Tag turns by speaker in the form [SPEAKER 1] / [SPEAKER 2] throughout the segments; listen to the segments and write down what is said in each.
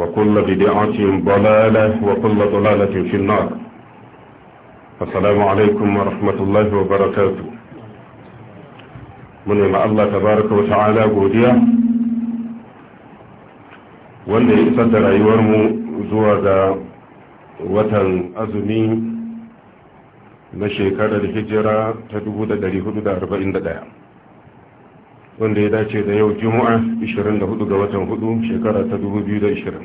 [SPEAKER 1] وكل بدعة ضلالة وكل ضلالة في النار السلام عليكم ورحمة الله وبركاته من مع الله تبارك وتعالى godiya wanda ya isar da rayuwarmu zuwa ga watan azumi na shekarar hijira ta 1441 wanda ya dace da yau juma'a 24 ga watan 4 shekara ta 2020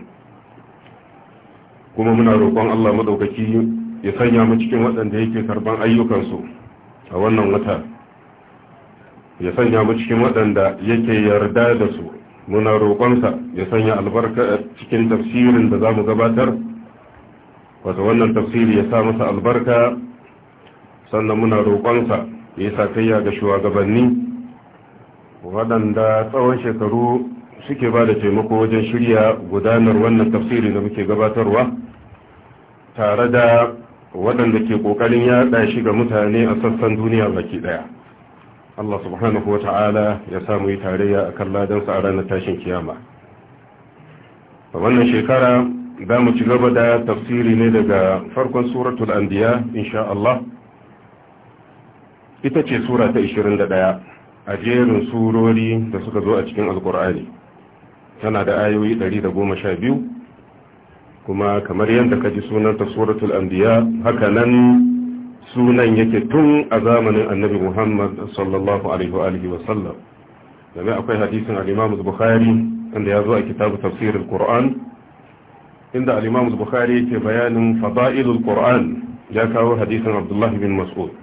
[SPEAKER 1] kuma muna roƙon Allah madaukaki ya sanya mu cikin waɗanda yake karban ayyukansu a wannan wata ya sanya mu cikin waɗanda yake yarda da su muna roƙonsa ya sanya albarka cikin tafsirin da za mu gabatar wata wannan tafsiri ya sa masa albarka sannan muna roƙonsa ya yi kayya ga shugabanni waɗanda tsawon shekaru suke ba da taimako wajen shirya gudanar wannan tafsiri da muke gabatarwa tare da waɗanda ke ƙoƙarin yaɗa shi ga mutane a sassan duniya baki ɗaya Allah subhanahu wa ta'ala ya samu yi tarayya a kan ladansa a ranar tashin kiyama a wannan shekara za mu ci gaba da tafsiri ne daga farkon suratul anbiya insha Allah ita ce sura ta 21 a jerin surori da suka zo a cikin alkur'ani tana da ayoyi 112 kuma kamar yadda ka ji sunanta suratul anbiya haka nan sunan yake tun a zamanin annabi muhammad sallallahu alaihi wa alihi wasallam akwai hadisin Alimamus bukhari inda ya zo a kitabu tafsirin qur'an inda al'imamu bukhari yake bayanin fada'ilul ƙur'an ya kawo hadisin abdullahi bin mas'ud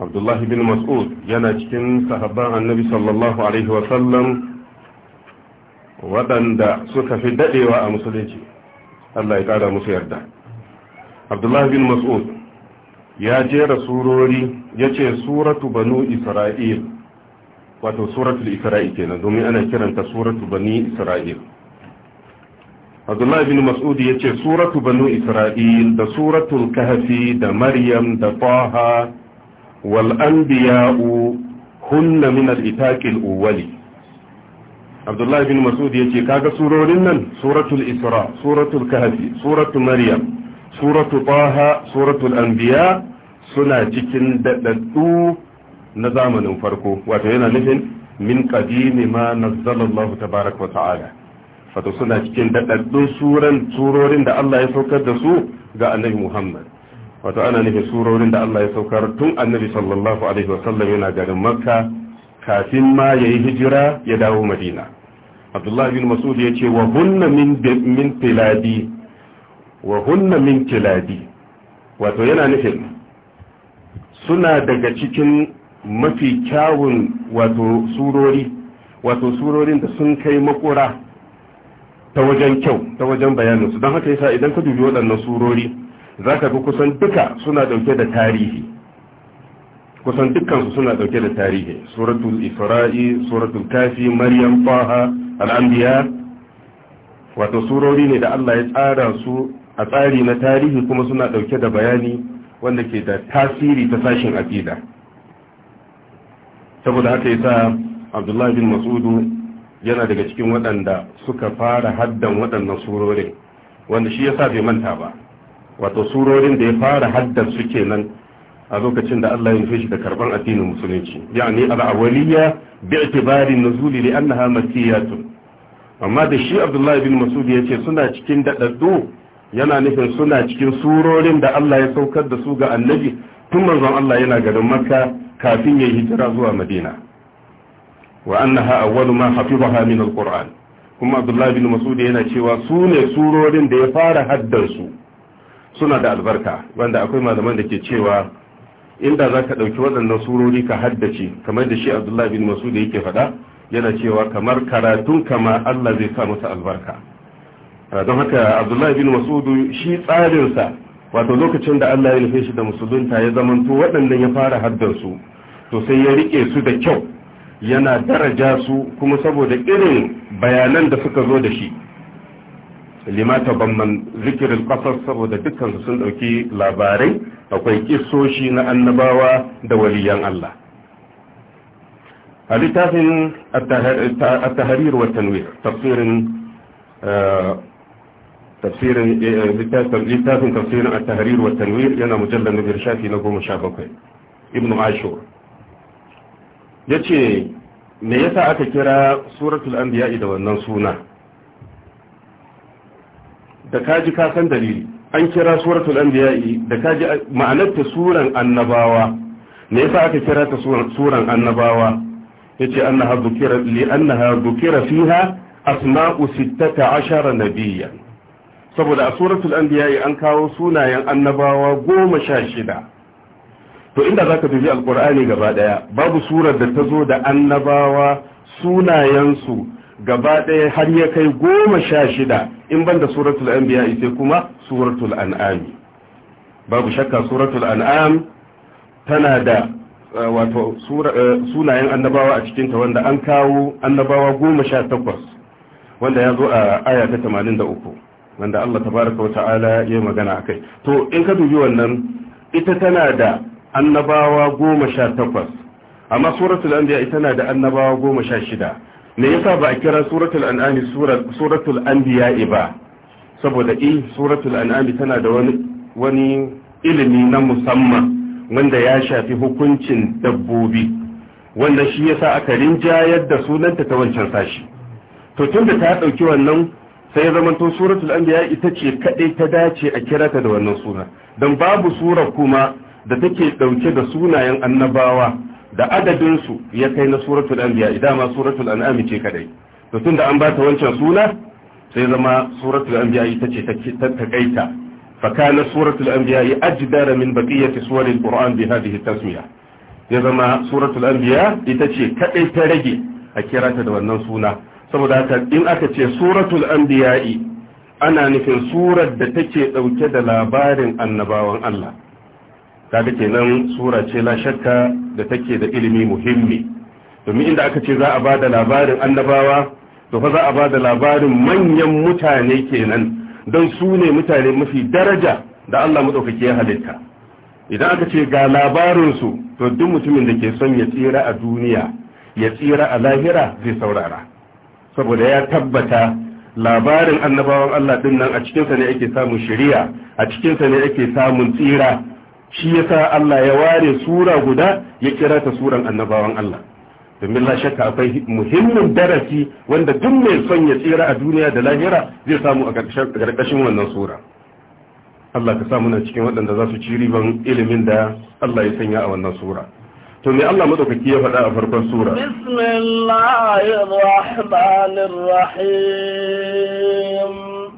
[SPEAKER 1] abdullahi bin mas'ud yana cikin sahabban annabi sallallahu alaihi wasallam waɗanda suka fi daɗewa a musulunci Allah ya ƙara musu yarda abdullahi bin mas'ud ya jera surori ya ce suratu banu isra'il wato suratul isra'il kenan domin ana kiranta suratu bani isra'il abdullahi bin mas'ud ya ce suratu banu isra'il da suratul kahfi da maryam da taha wal anbiya'u hunna min al-itaqil awwali Abdullahi bin Mas'ud ya ce ka ga surorin nan suratul Isra suratul Kahfi suratul Maryam suratu Baha suratul Anbiya suna cikin daɗaɗɗu na zamanin farko wato yana nufin min qadimi ma nazzala Allah tabaaraka wa ta'ala fato suna cikin daɗaɗɗun suran surorin da Allah ya saukar da su ga annabi Muhammad wato ana nufin surorin da Allah ya saukar tun annabi sallallahu alaihi wasallam yana garin makka kafin ma ya yi hijira ya dawo madina abdullahi bin masud ya ce wa hunna min tiladi wa hunna min tiladi wato yana nufin suna daga cikin mafi kyawun wato surori wato surorin da sun kai makura ta wajen kyau ta wajen bayaninsu don haka yasa idan ka dubi waɗannan surori za ka ga kusan duka suna dauke da tarihi kusan dukansu suna dauke da tarihi suratul isra'i suratul kafi maryam faha al'anbiya wato surori ne da Allah ya tsara su a tsari na tarihi kuma suna dauke da bayani wanda ke da tasiri ta sashin aqida saboda haka yasa Abdullah bin Masudu yana daga cikin waɗanda suka fara haddan waɗannan surorin wanda shi yasa bai manta ba wato surorin da ya fara haddar su kenan a lokacin da Allah ya nufe da karban addinin musulunci yani al-awliya bi i'tibari nuzuli li annaha makiyatun amma da shi Abdullah ibn Mas'ud yace suna cikin dadaddu yana nufin suna cikin surorin da Allah ya saukar da su ga annabi tun manzon Allah yana garin Makka kafin ya hijira zuwa Madina wa annaha awwalu ma hafizaha min al-Qur'an kuma Abdullah ibn Mas'ud yana cewa su ne surorin da ya fara su suna da albarka wanda akwai malaman da ke cewa inda za ka ɗauki waɗannan surori ka haddace kamar da shi abdullahi bin masu da yake faɗa yana cewa kamar karatun kama allah zai sa masa albarka ah, don haka abdullahi bin masudu shi tsarinsa wato lokacin da allah ya nufe shi da musulunta ya zamanto waɗannan ya fara haddarsu to sai ya riƙe su da kyau yana daraja su kuma saboda irin bayanan da suka zo da shi Limata tabamman zikirin kasar saboda dukkan sun dauki labarai akwai kisoshi na annabawa da waliyan Allah a littafin at-tahrir wa tanwir tafsirin eh, tafsirin eh, littafin tafsirin at-tahrir wa tanwir yana mujallal na shafi na bakwai ibnu ashur yace me yasa aka kira suratul anbiya da wannan suna da kaji ka dalili an kira suratul anbiya'i da kaji ma'anar ta suran annabawa ne yasa aka kira ta suran annabawa yace annaha dhukira li annaha dhukira fiha asma'u 16 nabiyyan saboda a suratul anbiya'i an kawo sunayen annabawa goma sha shida to inda zaka dubi alqur'ani gaba daya babu surar da ta zo da annabawa sunayensu gaba ɗaya har ya kai goma sha shida in banda suratul anbiya ita kuma suratul an'ami babu shakka suratul an'am tana da eh, wato eh, sunayen annabawa a cikinta wanda an kawo annabawa goma sha takwas wanda ya zo a aya ta tamanin da uku wanda Allah tabaraka wata'ala ya magana a kai to in ka dubi wannan ita tana da annabawa goma sha takwas amma suratul anbiya ita na da annabawa goma sha shida me yasa ba a kira suratul an'ami suratul anbiya ba saboda in eh, suratul an'ami tana da wani wani ilimi na musamman wanda ya shafi hukuncin dabbobi wanda shi yasa aka rinjayar da sunanta ta wancan sashi to tunda ta dauki wannan sai ya zamanto suratul anbiya ita ce kadai ta dace a kirata da wannan suna dan babu sura kuma da take dauke da sunayen annabawa da adadin su ya kai na suratul anbiya idan ma suratul an'am ce kadai to da an ba ta wancan suna sai zama suratul anbiya ita ce ta takaita fa kana suratul anbiya ajdara min baqiyati suwaril qur'an bi hadhihi tasmiya ya zama suratul anbiya ita ce kadai ta rage a kirata da wannan suna saboda haka in aka ce suratul anbiya'i ana nufin surar da take dauke da labarin annabawan Allah kaga kenan sura ce la shakka da take da ilimi muhimmi domin inda aka ce za a da labarin annabawa to fa za a bada labarin manyan mutane kenan don su ne mutane mafi daraja da Allah madaukake ya halitta idan aka ce ga labarin su to duk mutumin da ke son ya tsira a duniya ya tsira a lahira zai saurara saboda ya tabbata labarin annabawan Allah din nan a cikinsa ne ake samun shari'a a cikinsa ne ake samun tsira shi yasa Allah ya ware sura guda ya kira ta suran annabawan Allah domin la shakka akwai muhimmin darasi wanda duk mai son ya tsira a duniya da lahira zai samu a ƙarƙashin wannan sura Allah ka sa muna cikin waɗanda za su ci riban ilimin da Allah ya sanya a wannan sura to me Allah madaukaki ya faɗa a farkon sura
[SPEAKER 2] bismillahir rahmanir rahim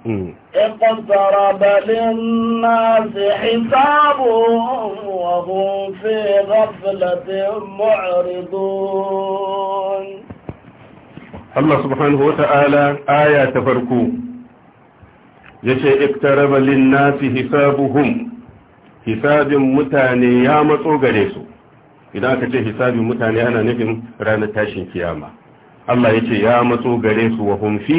[SPEAKER 2] hmm. اقترب للناس حسابهم وهم في غفلة معرضون
[SPEAKER 1] الله سبحانه وتعالى آية تفركو yace iktaraba linnasi hisabuhum hisabin mutane ya matso gare su idan aka ce hisabin mutane ana nufin ranar tashin kiyama Allah yace ya matso gare su wa hum fi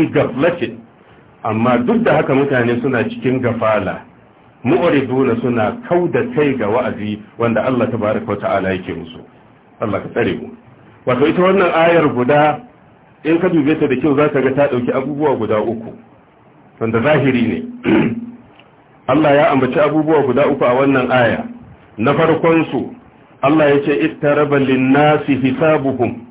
[SPEAKER 1] amma duk da haka mutane suna cikin gafala mu'riduna suna kau da kai ga wa'azi wanda Allah tabaraka wa ta'ala yake musu Allah ka tsare mu wato ita wannan ayar guda in ka dube ta da kyau zaka ga ta dauki abubuwa guda uku wanda zahiri ne Allah ya ambaci abubuwa guda uku a wannan aya na farkon su Allah yace ittaraba lin-nasi hisabuhum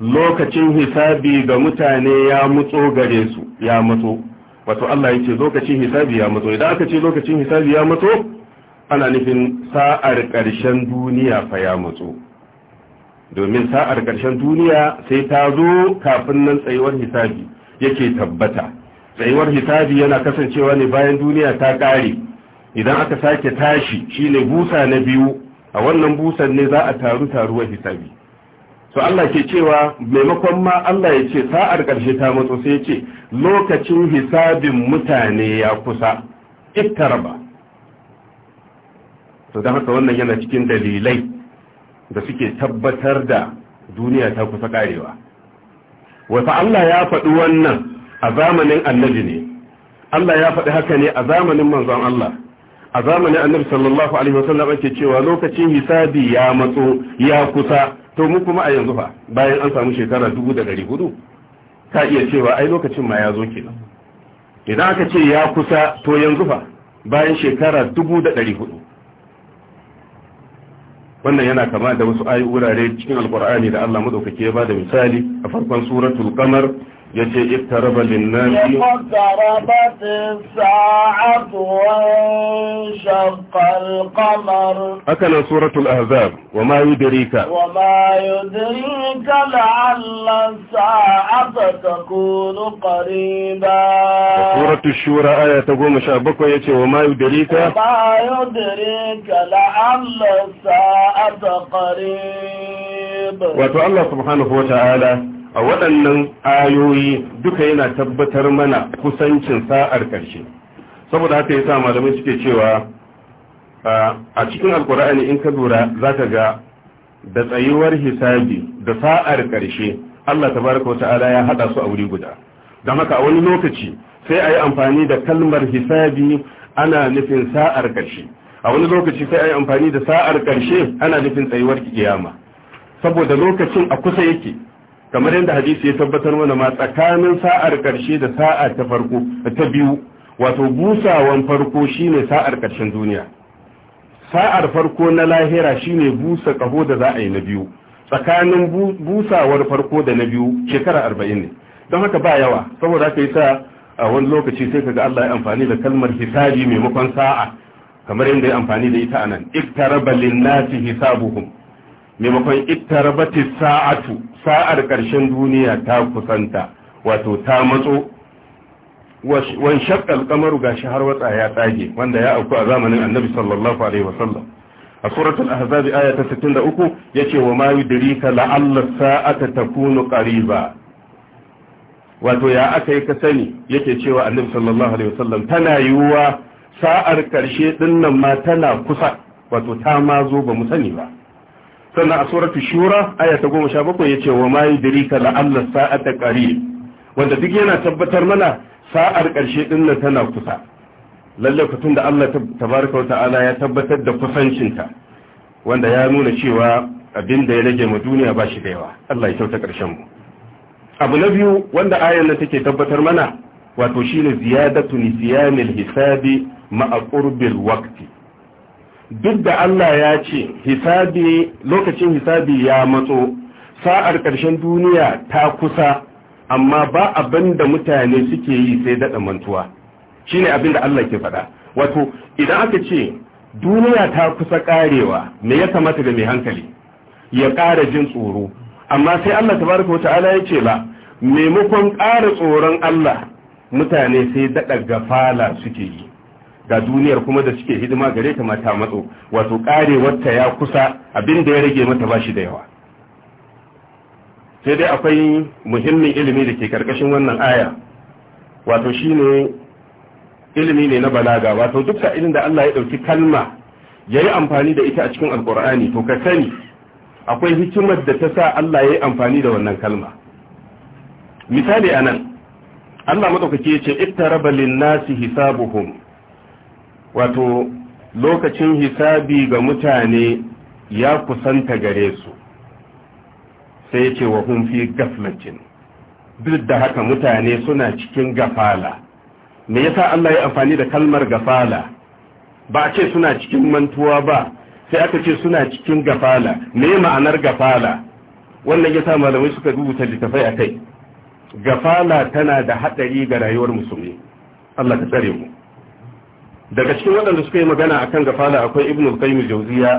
[SPEAKER 1] lokacin hisabi ga mutane ya mutso gare su ya mutso wato Allah ya ce lokacin hisabi ya mutso idan aka ce lokacin hisabi ya mutso ana nufin sa'ar ƙarshen duniya fa ya mutso domin sa'ar karshen duniya sai ta zo kafin nan tsayuwar hisabi yake tabbata tsayuwar hisabi yana kasancewa ne bayan duniya ta ƙare idan aka sake tashi shine busa na biyu a wannan busan ne za a taru taruwar hisabi to Allah ke cewa maimakon ma Allah ya ce sa'ar ƙarshe ta matso sai ya ce lokacin hisabin mutane ya kusa ittaraba to don haka wannan yana cikin dalilai da suke tabbatar da duniya ta kusa karewa wata Allah ya faɗi wannan a zamanin annabi ne Allah ya faɗi haka ne a zamanin manzon Allah a zamanin annabi sallallahu alaihi wasallam ake cewa lokacin hisabi ya matso ya kusa to mu kuma a yanzu fa bayan an samu shekara dubu da ɗari hudu ka iya cewa ai lokacin ma ya zo kenan idan aka ce ya kusa to yanzu fa bayan shekara dubu da ɗari hudu wannan yana kama da wasu ayi wurare cikin Alƙur'ani da Allah madaukake ya ba da misali a farkon suratul qamar يجي اقترب للناس
[SPEAKER 2] اقتربت الساعة وانشق القمر
[SPEAKER 1] أكل سورة الأهذاب وما يدريك
[SPEAKER 2] وما يدريك لعل الساعة تكون قريبا سورة
[SPEAKER 1] الشورى آية تقوم شابك ويتي وما يدريك
[SPEAKER 2] وما يدريك لعل الساعة قريب وتو الله
[SPEAKER 1] سبحانه وتعالى a waɗannan ayoyi duka yana tabbatar mana kusancin sa'ar ƙarshe saboda haka sa malamai suke cewa a cikin alkur'ani in ka lura za ka ga da tsayuwar hisabi da sa'ar ƙarshe Allah tabaraka wa ala ya haɗa su a wuri guda da haka a wani lokaci sai a yi amfani da kalmar hisabi ana nufin sa'ar ƙarshe a wani lokaci sai a yi amfani da sa'ar ƙarshe ana nufin tsayuwar ƙiyama saboda lokacin a kusa yake kamar yadda hadisi ya tabbatar mana ma tsakanin sa'ar karshe da sa'a ta farko ta biyu wato busawan farko shine sa'ar karshen duniya sa'ar farko na lahira shine busa kaho da za a yi na biyu tsakanin busawar farko da na biyu shekara arba'in ne don haka ba yawa saboda haka yi sa a wani lokaci sai kaga Allah ya amfani da kalmar hisabi maimakon sa'a kamar yadda ya amfani da ita anan iktaraba lin-nasi hisabuhum maimakon iktarabatis sa'atu sa'ar ƙarshen duniya ta kusanta wato ta matso wan shaqqal ga shi har watsa ya tsage wanda ya auku a zamanin annabi sallallahu alaihi wasallam a suratul ahzab aya ta 63 yace wa ma yudrika la'alla sa'ata takunu qariba wato ya aka yi ka sani yake cewa annabi sallallahu alaihi wasallam tana yiwuwa sa'ar karshe dinnan ma tana kusa wato ta ma zo ba mu sani ba sannan a suratul shura aya ta goma sha bakwai ya ce wa ma yudrika la alla sa'ata qarib wanda duk yana tabbatar mana sa'ar ƙarshe dinnan tana kusa lalle kutun da Allah tabaraka ta'ala ya tabbatar da kusancinta wanda ya nuna cewa abin da ya rage ma duniya ba shi da yawa Allah ya kyauta ƙarshen mu abu na biyu wanda ayan nan take tabbatar mana wato shine ziyadatu nisyanil hisabi ma'a qurbil waqti duk da Allah ya ce lokacin hisabi ya matso sa'ar ƙarshen duniya ta kusa amma ba abin da mutane suke yi sai daɗa mantuwa shi ne abin da Allah ke faɗa wato idan aka ce duniya ta kusa ƙarewa me ya kamata da mai hankali ya ƙara jin tsoro amma sai Allah tabaraka wa ta'ala ya ce ba maimakon ƙara tsoron Allah mutane sai daɗa gafala suke yi ga duniyar kuma da suke hidima gare ta mata matso wato wata ya kusa abin da ya rage mata bashi da yawa sai dai akwai muhimmin ilimi da ke karkashin wannan aya wato shine ilimi ne na balaga wato duk sa'ilin da Allah ya dauki kalma yayi amfani da ita a cikin alkur'ani to ka sani akwai hikimar da ta sa Allah ya yi amfani da wannan kalma misali anan Allah madaukake ya ce raba lin-nasi hisabuhum wato lokacin hisabi ga mutane ya kusanta gare su sai ya ce wa fi duk da haka mutane suna cikin gafala me yasa Allah ya amfani da kalmar gafala ba a ce suna cikin mantuwa ba sai aka ce suna cikin gafala me ma'anar gafala wannan yasa malamai suka rubuta littafai akai gafala tana da hadari ga rayuwar musulmi Allah ka tsare mu daga cikin waɗanda suka yi magana akan gafala akwai ibnu qayyim jawziya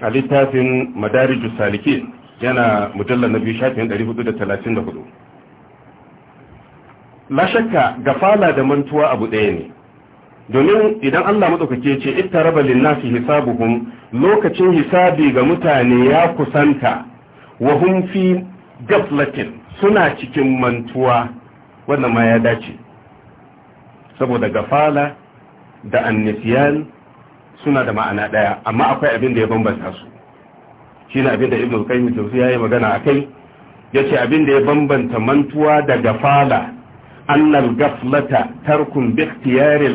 [SPEAKER 1] a littafin madarijus salikin yana mujallar na biyu shafin 434 la shakka gafala da mantuwa abu ɗaya ne domin idan Allah madaukake ce ittaraba lin-nasi hisabuhum lokacin hisabi ga mutane ya kusanta wa hum fi gaflatin suna cikin mantuwa wannan ma ya dace saboda gafala da annisiyan suna da ma'ana ɗaya amma akwai abin da ya bambanta su shi ne abin da ibn kai tausi ya yi magana a kai ya ce abin da ya bambanta mantuwa da gafala annal gaflata tarkun bi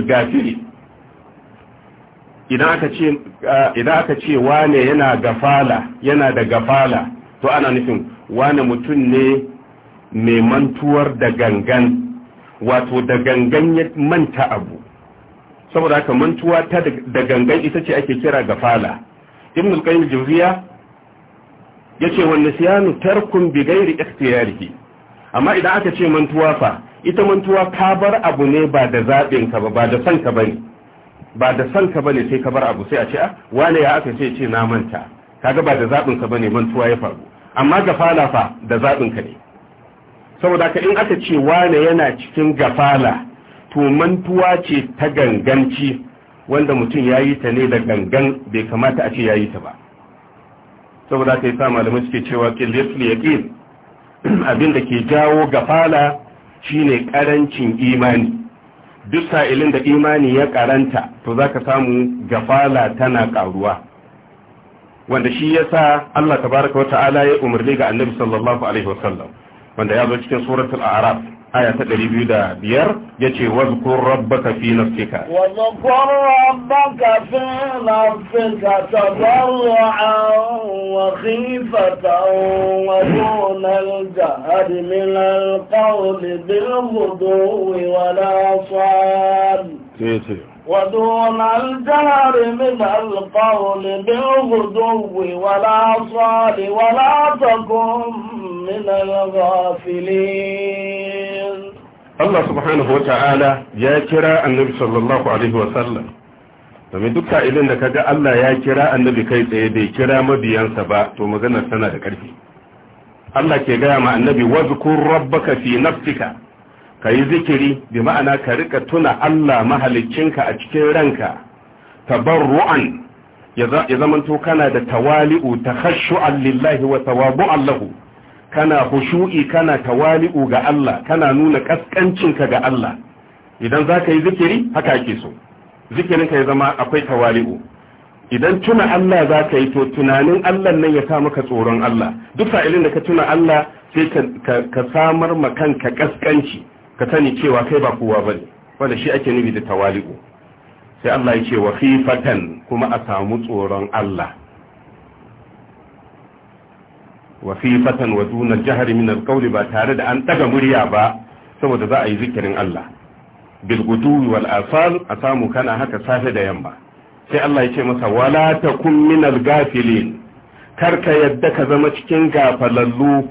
[SPEAKER 1] gafiri idan aka ce idan wane yana gafala yana da gafala to ana nufin wane mutum ne mai mantuwar da gangan wato da gangan ya manta abu saboda haka mantuwa ta da gangan ita ce ake kira gafala ibn al-qayyim jawziya yace wannan siyanu tarkun bi ghairi ikhtiyarihi amma idan aka ce mantuwa fa ita mantuwa ka bar abu ne ba da zabin ka ba ba da san ka bane ba da san ka bane sai ka bar abu sai a ce a, ah, wane ya aka ce ce na manta kaga ba da zabin ka bane mantuwa ya faru amma gafala fa da zabin ka ne saboda ka in aka ce wane yana cikin gafala to mantuwa ce ta ganganci wanda mutum ya yi ta ne da gangan bai kamata a ce ya yi ta ba saboda ta yi sa malamai suke cewa ƙillisul yaƙin abin da ke jawo ga gafala shine ƙarancin imani duk sa'ilin da imani ya ƙaranta to za ka samu fala tana ƙaruwa wanda shi ya sa Allah tabaraka wa ta'ala ya umarni ga annabi sallallahu alaihi wasallam wanda ya zo cikin suratul a'raf aya ta ɗari biyu da biyar ya ce wazkur rabbaka fi nafsika
[SPEAKER 2] wazkur rabbaka fi nafsika tabarru'an wa khifatan wa dun al-jahr min al-qawli bil-ghudwi wa la ودون الجهر من القول بالغدو ولا صال ولا تكن من الغافلين Allah سبحانه
[SPEAKER 1] وتعالى يا ya kira annabi sallallahu Alaihi وسلم domin duk sa'ilin da kaga Allah ya kira annabi kai tsaye bai kira mabiyansa ba, to maganar tana da ƙarfi. Allah ke gaya ma annabi, wazu kun rabbaka fi nafsika, ka yi zikiri bi ma'ana ka rika tuna Allah mahalicinka a cikin ranka tabarru'an ya zamanto kana da tawali'u ta takhashu'an lillahi wa tawabu'an lahu kana hushu'i kana tawali'u ga Allah kana nuna kaskancinka ga Allah idan za ka yi zikiri haka ake so zikirinka ya zama akwai tawali'u idan tuna Allah za ka yi to tunanin Allah nan ya sa maka tsoron Allah duk sa'ilin da ka tuna Allah sai ka samar ma kanka kaskanci ka sani cewa kai ba kowa ba ne wanda shi ake nufi da tawali'u sai Allah ya ce wa khifatan kuma a samu tsoron Allah wa khifatan wa duna jahri min ba tare da an ɗaga murya ba saboda za a yi zikirin Allah bil wal asal a samu kana haka safe da yamma sai Allah ya ce masa wala takun min al gafilin karka yadda ka zama cikin gafalallu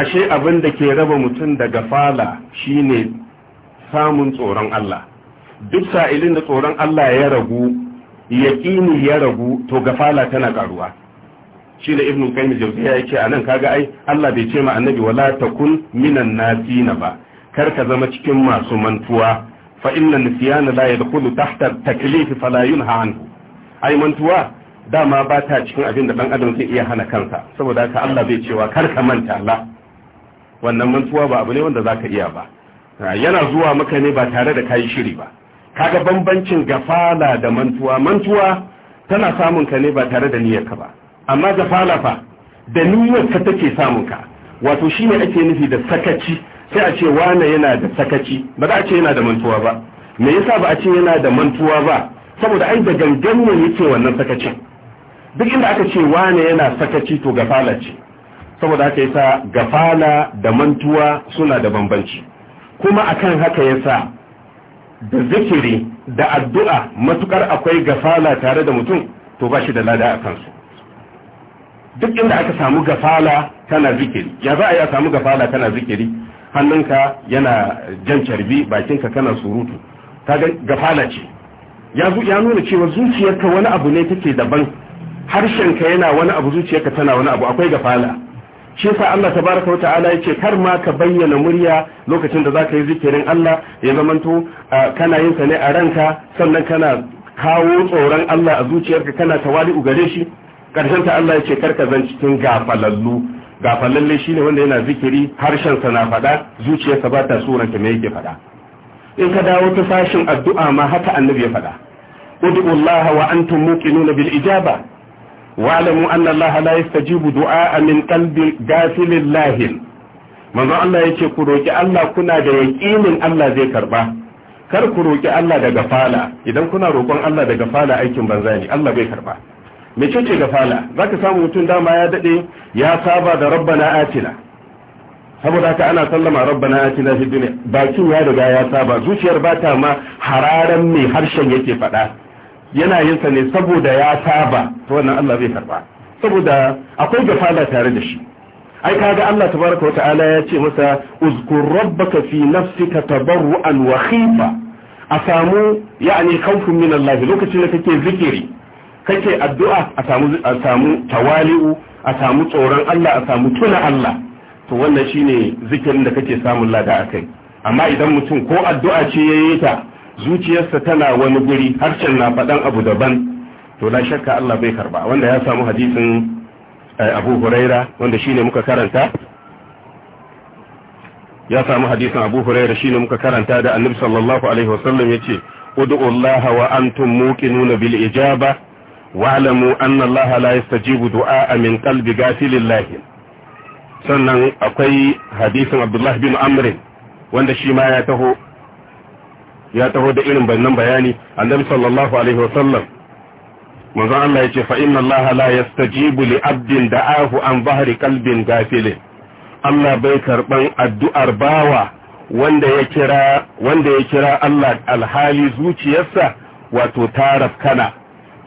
[SPEAKER 1] ashe abin da ke raba mutum daga fala shine samun tsoron Allah duk sa'ilin da tsoron Allah ya ragu yaƙini ya ragu to gafala tana karuwa shi da ibnu qayyim jawziya yake anan kaga ai Allah bai ce ma annabi wala takun minan nasina ba kar ka zama cikin masu mantuwa fa inna nisyana la yadkhulu tahta taklif fala yunha anhu ai mantuwa dama ba ta cikin abin da dan adam zai iya hana kansa saboda haka Allah bai cewa kar ka manta Allah wannan mantuwa ba abu ne wanda za ka iya ba ah, yana zuwa maka ne ba tare da kayi shiri ba kaga bambancin gafala da mantuwa mantuwa tana samun ka ne ba tare da niyyarka ba amma gafala fa da niyyarka take samun ka wato shine ake nufi da sakaci sai a ce wane yana da sakaci ba za a ce yana da mantuwa ba me yasa ba a ce yana da mantuwa ba saboda ai da gangan ne yake wannan sakacin duk inda aka ce wane yana sakaci to gafala ce saboda haka yasa gafala da mantuwa suna da bambanci kuma akan haka yasa da zikiri da addu'a matukar akwai gafala tare da mutum to ba shi da lada a kansu duk inda aka samu gafala tana zikiri ya za a yi samu gafala tana zikiri hannunka yana jan carbi bakinka kana surutu kaga gafala ce ya nuna cewa zuciyarka wani abu ne take daban harshenka yana wani abu zuciyarka tana wani abu akwai gafala shi yasa Allah tabaraka wa ta'ala yace kar ma ka bayyana murya lokacin da zaka yi zikirin Allah ya zamanto kana yin sa ne a ranka sannan kana kawo tsoron Allah a zuciyarka kana u gare shi karshen ta Allah yace kar ka zan cikin gafalallu gafalalle shine wanda yana zikiri harshen sa na fada zuciyarsa ba ta suranta me yake fada in ka dawo ta sashin addu'a ma haka annabi ya fada ud'u Allah wa antum muqinuna bil ijaba wa'lamu anna Allah la yastajibu du'a min qalbi gafilin lahin manzo Allah yace ku roki Allah kuna da yaqinin Allah zai karba kar ku roki Allah daga fala idan kuna roƙon Allah daga fala aikin banza ne Allah bai karba mece ce gafala zaka samu mutum dama ya dade ya saba da rabbana atina saboda haka ana sallama rabbana atina fid dunya bakin ya riga ya saba zuciyar ba ta ma hararan mai harshen yake faɗa yana yin sa ne saboda ya saba to wannan Allah zai karba saboda akwai gafala tare da shi ai kaga Allah tabaraka ta'ala ya ce masa uzkur rabbaka fi nafsika tabarruan wa khifa a samu yani khawfun min Allah lokacin da kake zikiri kake addu'a a samu a samu tawali'u a samu tsoron Allah a samu tuna Allah to wannan shine zikirin da kake samun lada akai amma idan mutum ko addu'a ce yi ta zuciyarsa tana wani guri harshen na faɗan abu daban to la shakka Allah bai karba wanda ya samu hadisin eh, Abu Huraira wanda shine muka karanta ya samu hadisin Abu Huraira shine muka karanta da Annabi sallallahu alaihi wasallam yace ud'u Allah wa antum muqinuna bil ijaba wa'lamu anna Allah la yastajibu du'a min qalbi lillahi sannan akwai hadisin Abdullah bin Amr wanda shi ma ya taho ya taho da irin bannan bayani annabi sallallahu alaihi wasallam manzon Allah yace fa inna Allah la yastajibu li abdin da'ahu an bahri qalbin gafilin Allah bai karban addu'ar bawa wanda ya kira wanda ya kira Allah alhali zuciyarsa wato taraf kana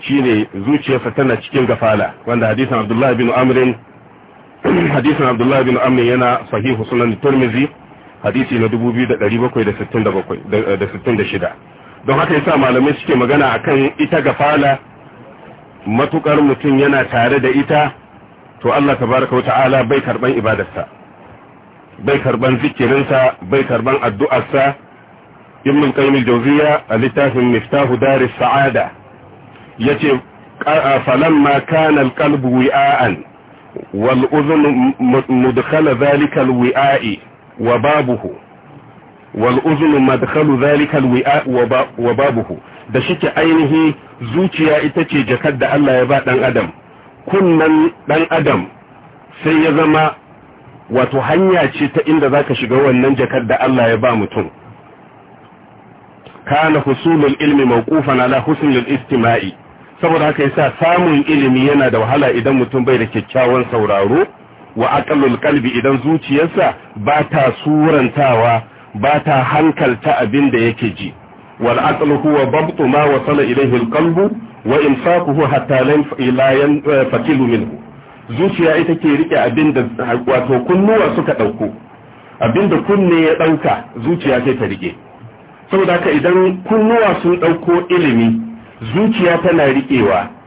[SPEAKER 1] shine zuciyarsa tana cikin gafala wanda hadisin Abdullah bin Amr hadisin Abdullah bin Amr yana sahihu sunan Tirmidhi hadisi na 2767 eh, don haka yasa malamai suke magana akan ita gafala matukar mutum yana tare da ita to Allah tabaraka wata'ala ta'ala bai karban ibadarsa bai karban zikirinsa bai karban addu'arsa ibn qayyim al-jawziya a littafin miftahu daris sa'ada yace falamma kana al-qalbu waluzun wal mudkhala dhalika wiai wa babuhu wal uzunu madkhalu dhalika wa babuhu da shike ainihi zuciya ita ce jakar da Allah ya ba dan adam kunnan dan adam sai ya zama wato hanya ce ta inda zaka shiga wannan jakar da Allah ya ba mutum kana husulul ilmi mawqufan ala husnil istima'i saboda haka yasa samun ilimi yana da wahala idan mutum bai da kyakkyawan sauraro wa aqallul qalbi idan zuciyarsa ba ta surantawa ba ta hankalta abin da yake ji wal aqlu huwa dabtu ma wasala ilayhi al qalbu wa insaquhu hatta la eh, fatilu minhu zuciya ita ke rike abin da wato kunnuwa suka dauko abin da kunne ya dauka zuciya sai ta rike saboda haka idan kunnuwa sun dauko ilimi zuciya tana riƙewa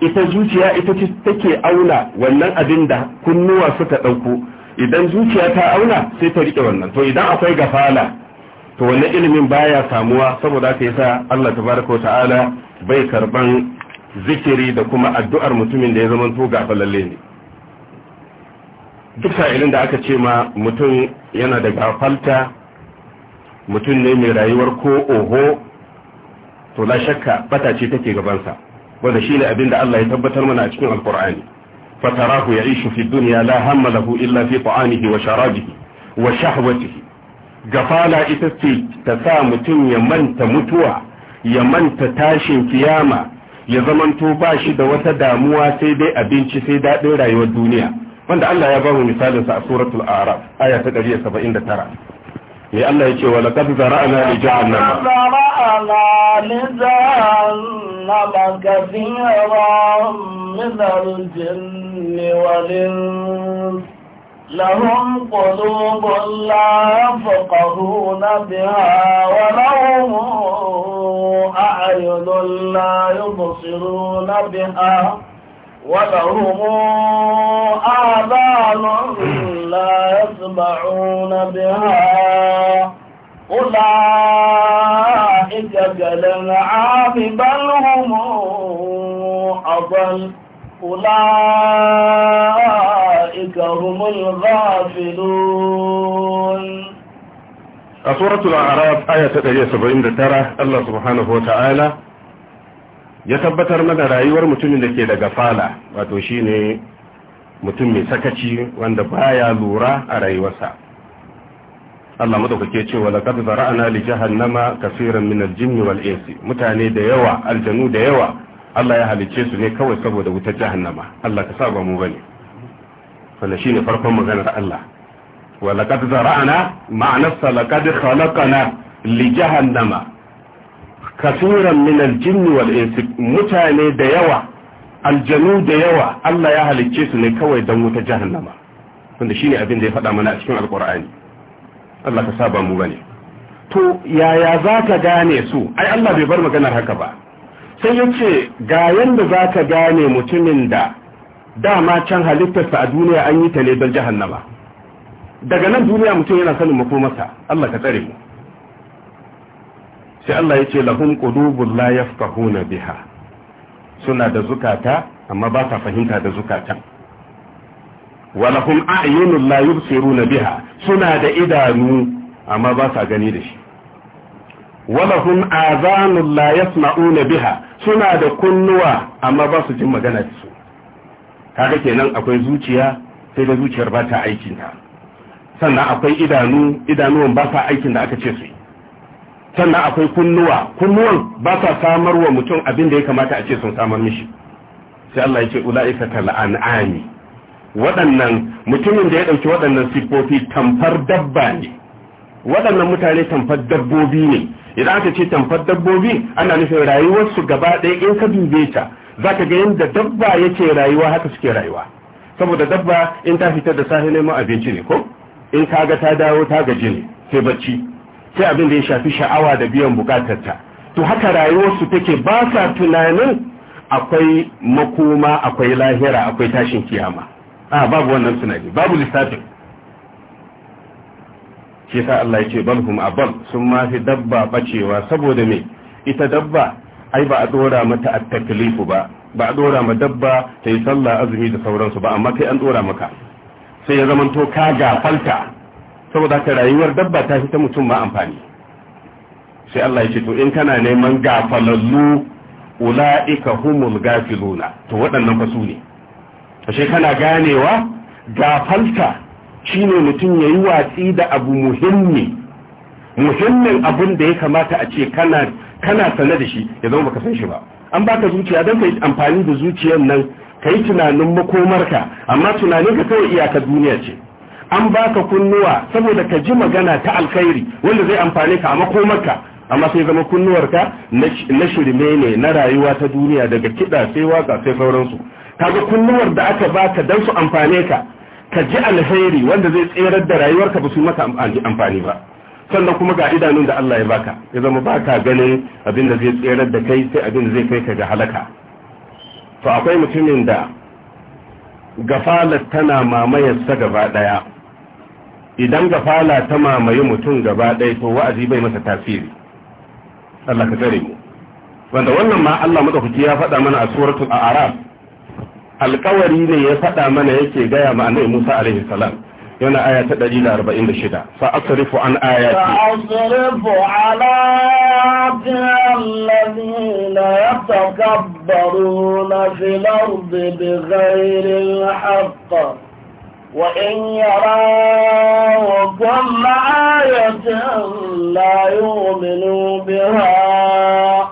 [SPEAKER 1] ita zuciya ita ce take auna wannan abin da kunnuwa suka ɗauko idan zuciya ta auna sai ta rike wannan to idan akwai gafala to wannan ilimin baya samuwa saboda haka yasa Allah tabaraka wa ta'ala bai karban zikiri da kuma addu'ar mutumin da ya zama to gafalalle ne duk sa'ilin da aka ce ma mutum yana da gafalta mutum ne mai rayuwar ko oho to la shakka bata ce take gabansa wanda shine abin da Allah ya tabbatar mana a cikin alkur'ani fatarahu ya'ishu fi dunya la hamma lahu illa fi ta'amihi wa sharabihi wa shahwatihi gafala ita ce ta sa mutum ya manta mutuwa ya manta tashin kiyama ya zamanto ba shi da wata damuwa sai dai abinci sai daɗin rayuwar duniya wanda Allah ya ba mu misalinsa a suratul araf aya ta 179 ya Allah ya ce wa laqad zara'na li jahannama
[SPEAKER 2] zara'na li jahannama kathiran min al-jinni wal insi لهم قلوب لا يفقهون بها ولهم أعين لا يبصرون بها ولهم آذان لا يسمعون بها أولئك كالأنعام بل هم أضل أولئك هم الغافلون
[SPEAKER 1] أصورة الأعراب آية 79 الله سبحانه وتعالى ya tabbatar mana rayuwar mutumin da ke da gafala wato shine mutum mai sakaci wanda baya lura a rayuwarsa Allah madaukake cewa laqad zara'na li jahannama kaseeran min al-jinni wal mutane da yawa aljanu da yawa Allah ya halice su ne kawai saboda wutar jahannama Allah ka saba mu bane wanda shine farkon maganar Allah wa laqad zara'na ma'ana laqad khalaqana li jahannama kasuran min aljin wal insi mutane da yawa aljanu da yawa Allah ya halicce su ne kawai don wuta jahannama wanda shine abin da ya faɗa mana a cikin alƙur'ani. Allah ka saba mu bane to yaya zaka gane su ai Allah bai bar maganar haka ba sai yace ga yanda zaka gane mutumin da dama can halittarsa a duniya an yi ta ne don jahannama daga nan duniya mutum yana sanin makomarsa Allah ka tsare mu sai Allah ya ce lahum qulubun la yafqahuna biha suna da zukata amma ba ta fahimta da zukatan wa lahum a'yunun la yubsiruna biha suna da idanu amma ba sa gani da shi wa lahum azanun la yasma'una biha suna da kunnuwa amma ba su jin magana da su kaga kenan akwai zuciya sai da zuciyar ba ta aikin ta sannan akwai idanu idanuwan ba sa aikin da aka ce su yi sannan akwai kunnuwa kunnuwan ba sa samar wa mutum abin da ya kamata a ce sun samar mishi sai Allah ya ce ula'ika kal an'ami waɗannan mutumin da ya ɗauki waɗannan siffofi tamfar dabba ne waɗannan mutane tamfar dabbobi ne idan aka ce tamfar dabbobi ana nufin rayuwar su gaba ɗaya in ka dube ta za ka ga yadda dabba yake rayuwa haka suke rayuwa saboda dabba in ta fitar da safe neman abinci ne ko in ka ga ta dawo ta gaji ne sai bacci sai abin da ya shafi sha'awa da biyan bukatarta to haka rayuwarsu take ba sa tunanin akwai makoma akwai lahira akwai tashin kiyama a ah, babu wannan tunani babu lissafin ke sa Allah ya ce balhum abal sun ma fi dabba bacewa saboda me ita dabba ai ba a dora mata at-taklifu ba ba a dora ma dabba ta yi sallah azumi da sauransu ba amma kai an dora maka sai ya zamanto ka gafalta saboda ka rayuwar dabba ta fi ta mutum ma amfani sai Allah ya ce to in kana neman gafalallu ula'ika humul gafiluna to waɗannan fa su ne ashe kana ganewa gafalta shine mutum yayi watsi da abu muhimmi muhimmin abin da ya kamata a ce kana kana sane da shi ya zama baka san shi ba an baka zuciya don kai amfani da zuciyar nan kai tunanin makomarka amma tunanin ka kawai iyaka duniya ce an baka kunnuwa saboda ka ji magana ta alkhairi wanda zai amfane ka a makomarka amma sai zama kunnuwarka na shirme ne na rayuwa ta duniya daga kiɗa sai waka sai sauransu kaga kunnuwar da aka baka dan su amfane ka ka ji alkhairi wanda zai tserar da rayuwarka ba su maka amfani ba sannan kuma ga idanun da Allah ya baka ya zama baka ganin abin da zai tserar da kai sai abin da zai kai ka ga halaka to akwai mutumin da gafalar tana mamayar mamayarsa gaba daya idan gafala ta mamaye mutum gaba ɗaya to wa'azi bai masa tasiri Allah ka tsare mu wanda wannan ma Allah madaukaki ya faɗa mana a suratul a'raf alƙawari ne ya faɗa mana yake ga ya ma'ana Musa alaihi salam yana aya ta 146 fa asrifu an ayati
[SPEAKER 2] asrifu ala alladhina yatakabbaruna fil ardi bighayri alhaqqi وإن يروا ثم آية لا يؤمنوا بها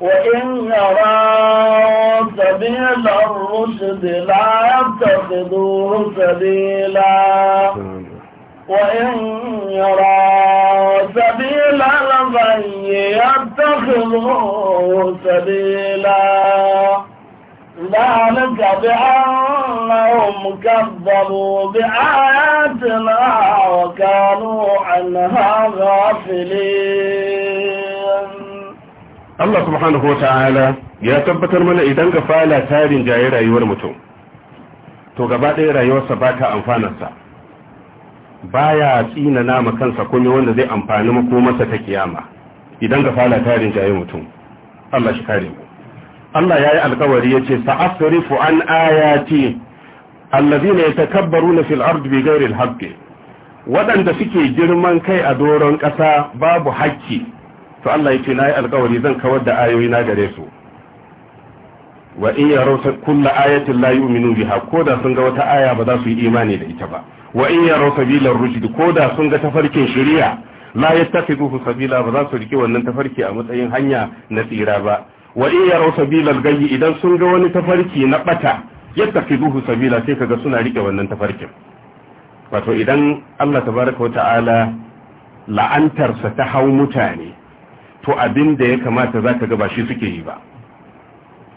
[SPEAKER 2] وإن يروا سبيل الرشد لا يتخذوه سبيلا وإن يروا سبيل الغي يتخذوه سبيلا ذلك بأنهم كذبوا بآياتنا وكانوا عنها غافلين
[SPEAKER 1] Allah subhanahu wa ta'ala ya tabbatar mana idan fala tarin rinjaye rayuwar mutum, to gaba ɗaya rayuwarsa ba ta amfanarsa, ba ya tsina nama kansa kome wanda zai amfani makomarsa ta kiyama idan fala tarin rinjaye mutum, Allah shi kare mu. Allah ya yi alkawari ya ce sa'afirifu an ayati allazina na fil ardi bighairi alhaqqi waɗanda suke girman kai a doron ƙasa babu hakki to Allah ya ce na yi alkawari zan kawar da ayoyi na gare su wa in yaraw kulla ayatin la yu'minu biha da sun ga wata aya ba za su yi imani da ita ba wa in yaraw sabilar rushd da sun ga tafarkin shari'a la yattakhidhu sabila ba za su riƙe wannan tafarki a matsayin hanya na tsira ba wa in yaraw sabilal gayyi idan sun ga wani tafarki na bata duhu sabila sai kaga suna rike wannan tafarkin wato idan Allah tabaraka wa ta'ala la'antarsa ta hau mutane to abin da ya kamata zaka ga ba shi suke yi ba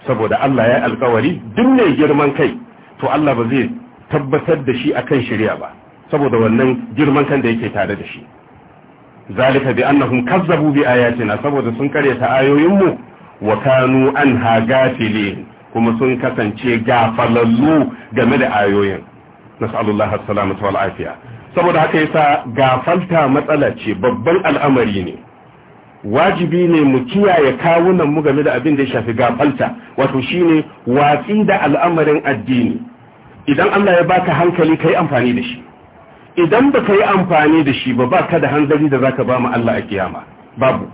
[SPEAKER 1] saboda Allah ya alkawari duk mai girman kai to Allah ba zai tabbatar da shi akan shari'a ba saboda wannan girman kan da yake tare da shi zalika bi annahum kazzabu bi ayatina saboda sun karyata ayoyin mu wa kanu an hagafili kuma sun kasance gafalallu game da ayoyin nasallallahu salamatu wa afiya saboda haka yasa gafalta matsala ce babban al'amari ne wajibi ne mu kiyaye kawunan mu game da abin da ya shafi gafalta wato shine watsi da al'amarin addini idan Allah ya baka hankali kai amfani da shi idan ba ka yi amfani da shi ba ba ka da hanzari da zaka bamu ba mu Allah a kiyama babu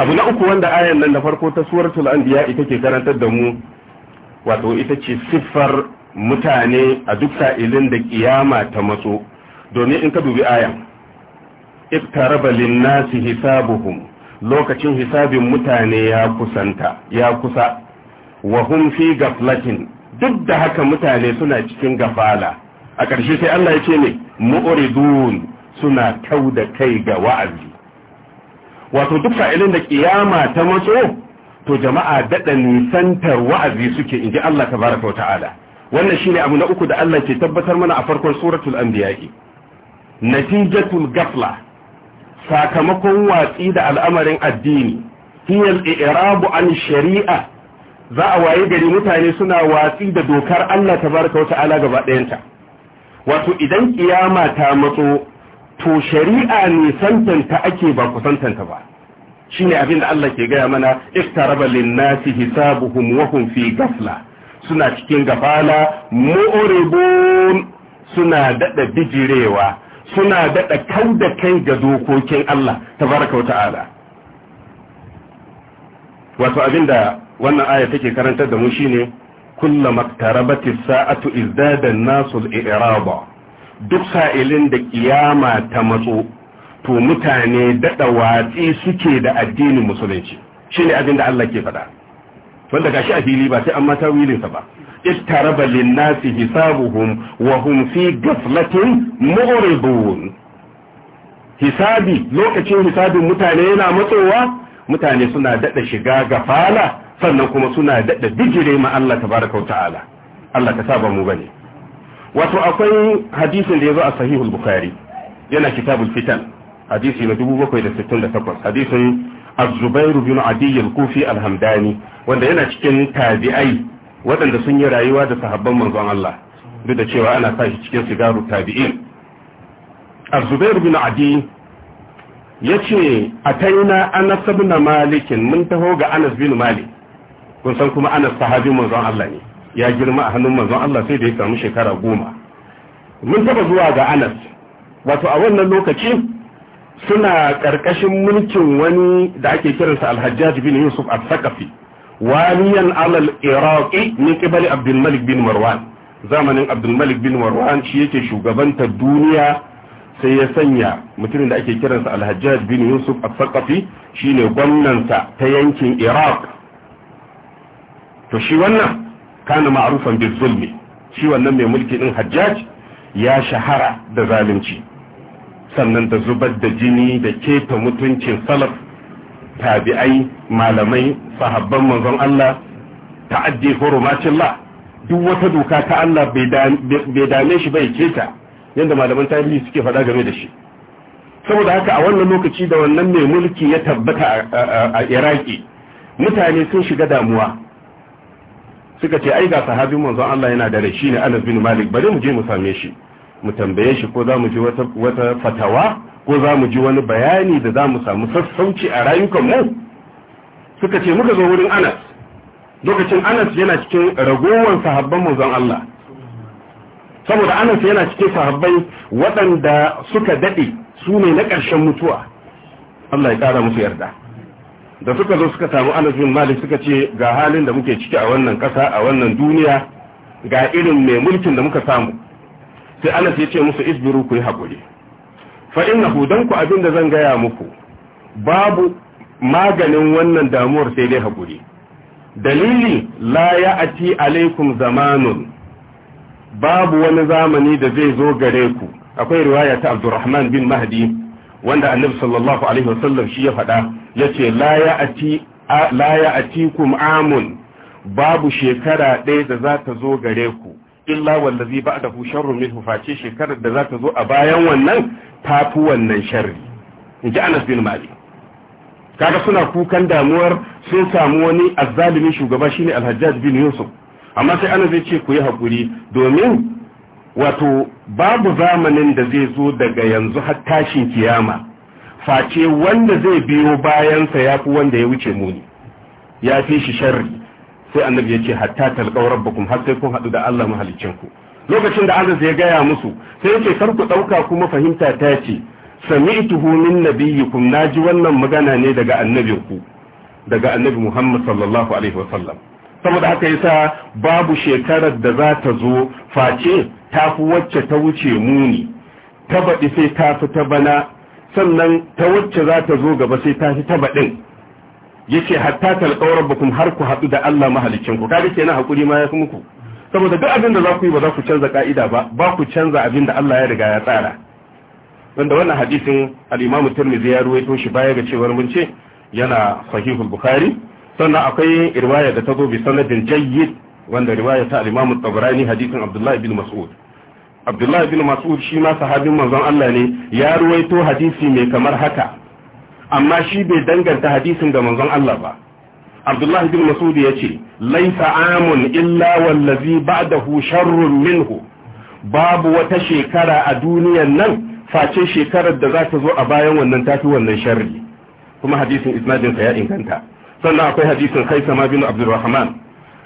[SPEAKER 1] abu na uku wanda ayan nan da farko ta suratul anbiya ita ke karantar da mu wato ita ce siffar mutane a duk sa'ilin da kiyama ta matso domin in ka dubi ayan iktaraba linnasi hisabuhum lokacin hisabin mutane ya kusanta ya kusa wa hum fi gaflatin duk da haka mutane suna cikin gafala a ƙarshe sai Allah ya ce ne mu'ridun suna tauda da kai ga wa'azi wato duk fa'ilin da kiyama ta matso to jama'a daɗa nisantar wa'azi suke in ji Allah ta baraka wa ta'ala wannan shi ne abu na uku da Allah ke tabbatar mana a farkon suratul anbiya'i natijatul gafla sakamakon watsi da al'amarin addini hiyar irabu an shari'a za a waye gari mutane suna watsi da dokar Allah ta baraka wa ta'ala gaba ɗayanta wato idan kiyama ta matso to shari'a ne santanta ake ba ku santanta ba shine abin da Allah ke gaya mana iftaraba linnasi nasi hisabuhum wa hum fi ghafla suna cikin gafala mu'ribun suna dada bijirewa suna dada da kai ga dokokin Allah tabaraka wa ta'ala wato da wannan aya take karantar da mu shine kullama tarabatis sa'atu izdadan nasu al-i'raba duk sa'ilin da ƙiyama ta matso to mutane daɗa watsi suke da addinin musulunci shi ne abin da Allah ke faɗa wanda gashi a fili ba sai an mata wilinsa ba ittaraba linnasi hisabuhum wa hum fi ghaflatin mu'ridun hisabi lokacin hisabin mutane yana matsowa mutane suna daɗa shiga ga gafala sannan kuma suna daɗa bijire ma Allah tabaraka wa ta'ala Allah ka saba mu bane wato akwai hadisin da ya zo a sahihul bukhari yana kitabul fitan hadisi na 768 hadisin az-zubair bin adi al-kufi al-hamdani wanda yana cikin tabi'ai waɗanda sun yi rayuwa da sahabban manzon Allah duk da cewa ana sa shi cikin sigaru tabi'in az-zubair bin adi yace ataina anas ibn malik mun taho ga anas bin malik kun san kuma anas sahabi manzon Allah ne ya girma a hannun manzon Allah sai da ya samu shekara goma mun taba zuwa ga Anas wato a wannan lokaci suna karkashin mulkin wani da ake kiransa Al-Hajjaj bin Yusuf Al-Thaqafi waliyan alal iraqi min qibali Abdul Malik bin Marwan zamanin Abdul Malik bin Marwan shi yake shugabantar duniya sai ya sanya mutumin da ake kiransa Al-Hajjaj bin Yusuf Al-Thaqafi shine gwamnansa ta yankin Iraq to shi wannan kana ma'rufan bi zulmi shi wannan mai mulki din hajjaj ya shahara da zalunci sannan da zubar da jini da keta mutuncin salaf tabi'ai malamai sahabban manzon Allah ta'addi la duk wata doka ta Allah bai dame shi bai keta yadda malaman tarihi suke faɗa game da shi saboda haka a wannan lokaci da wannan mai mulki ya tabbata a iraki mutane sun shiga damuwa suka ce ai ga sahabin manzon Allah yana da rashi ne Anas bin Malik bari mu je mu same shi mu tambaye shi ko za mu ji wata wata fatawa ko za mu ji wani bayani da za mu samu sassauci a rayukan mu suka ce muka zo wurin Anas lokacin Anas yana cikin ragowar sahabban manzon Allah saboda Anas yana cikin sahabbai waɗanda suka dade su ne na ƙarshen mutuwa Allah ya ƙara musu yarda da suka zo suka samu anas bin malik suka ce ga halin da muke ciki a wannan kasa a wannan duniya ga irin mai mulkin da muka samu sai anas ya ce musu isbiru ku yi hakuri fa inna dan ku abin da zan gaya muku babu maganin wannan damuwar sai dai haƙuri dalili la ya'ati alaikum zamanun babu wani zamani da zai zo gare ku akwai riwaya ta Abdurrahman bin Mahdi wanda Annabi sallallahu alaihi wasallam shi ya faɗa yace la ya'ti la kum amun babu shekara ɗaya da za ta zo gare ku illa wallazi ba'dahu sharru minhu face shekarar da za ta zo a bayan wannan tafi wannan sharri inji Anas bin Malik kaga suna kukan damuwar sun samu wani azzalimin shugaba shine Al-Hajjaj bin Yusuf amma sai Anas zai ce ku yi hakuri domin wato babu zamanin da zai zo daga yanzu har tashin kiyama face wanda zai biyo bayansa ya fi wanda ya wuce muni ya fi shi sharri sai annabi ya ce hatta talqaw rabbakum har sai kun hadu da Allah ku lokacin da Allah ya gaya musu sai yace kar ku dauka kuma fahimta ta ce sami'tuhu min nabiyyikum naji wannan magana ne daga annabinku daga annabi Muhammad sallallahu alaihi saboda haka yasa babu shekarar da za ta zo face tafi wacce ta wuce muni ta baɗi sai ta fi ta bana sannan ta wacce za ta zo gaba sai ta fi ta baɗin yace hatta talqaw rabbakum har ku haɗu da Allah mahalicin ku kaga kenan hakuri ma ya fi muku saboda duk abin da za ku yi ba za ku canza ka'ida ba ba ku canza abin da Allah ya riga ya tsara wanda wannan hadisin al'imamu imam Tirmidhi ya ruwaito shi baya ga cewar mun ce yana sahihul Bukhari sannan akwai riwaya da ta zo bi sanadin jayyid wanda riwaya ta al-Imam Tabarani hadisin Abdullah bin Mas'ud abdullahi bin mas'ud shi ma sahabin manzon Allah ne ya ruwaito hadisi mai kamar haka amma shi bai danganta hadisin ga manzon Allah ba abdullahi bin mas'ud ya ce laisa amun illa wallazi ba'dahu sharrun minhu babu wata shekara a duniyan nan face shekarar da za ta zo a bayan wannan tafi wannan sharri kuma hadisin isnadinsa ya inganta sannan akwai hadisin kaisama bin abdurrahman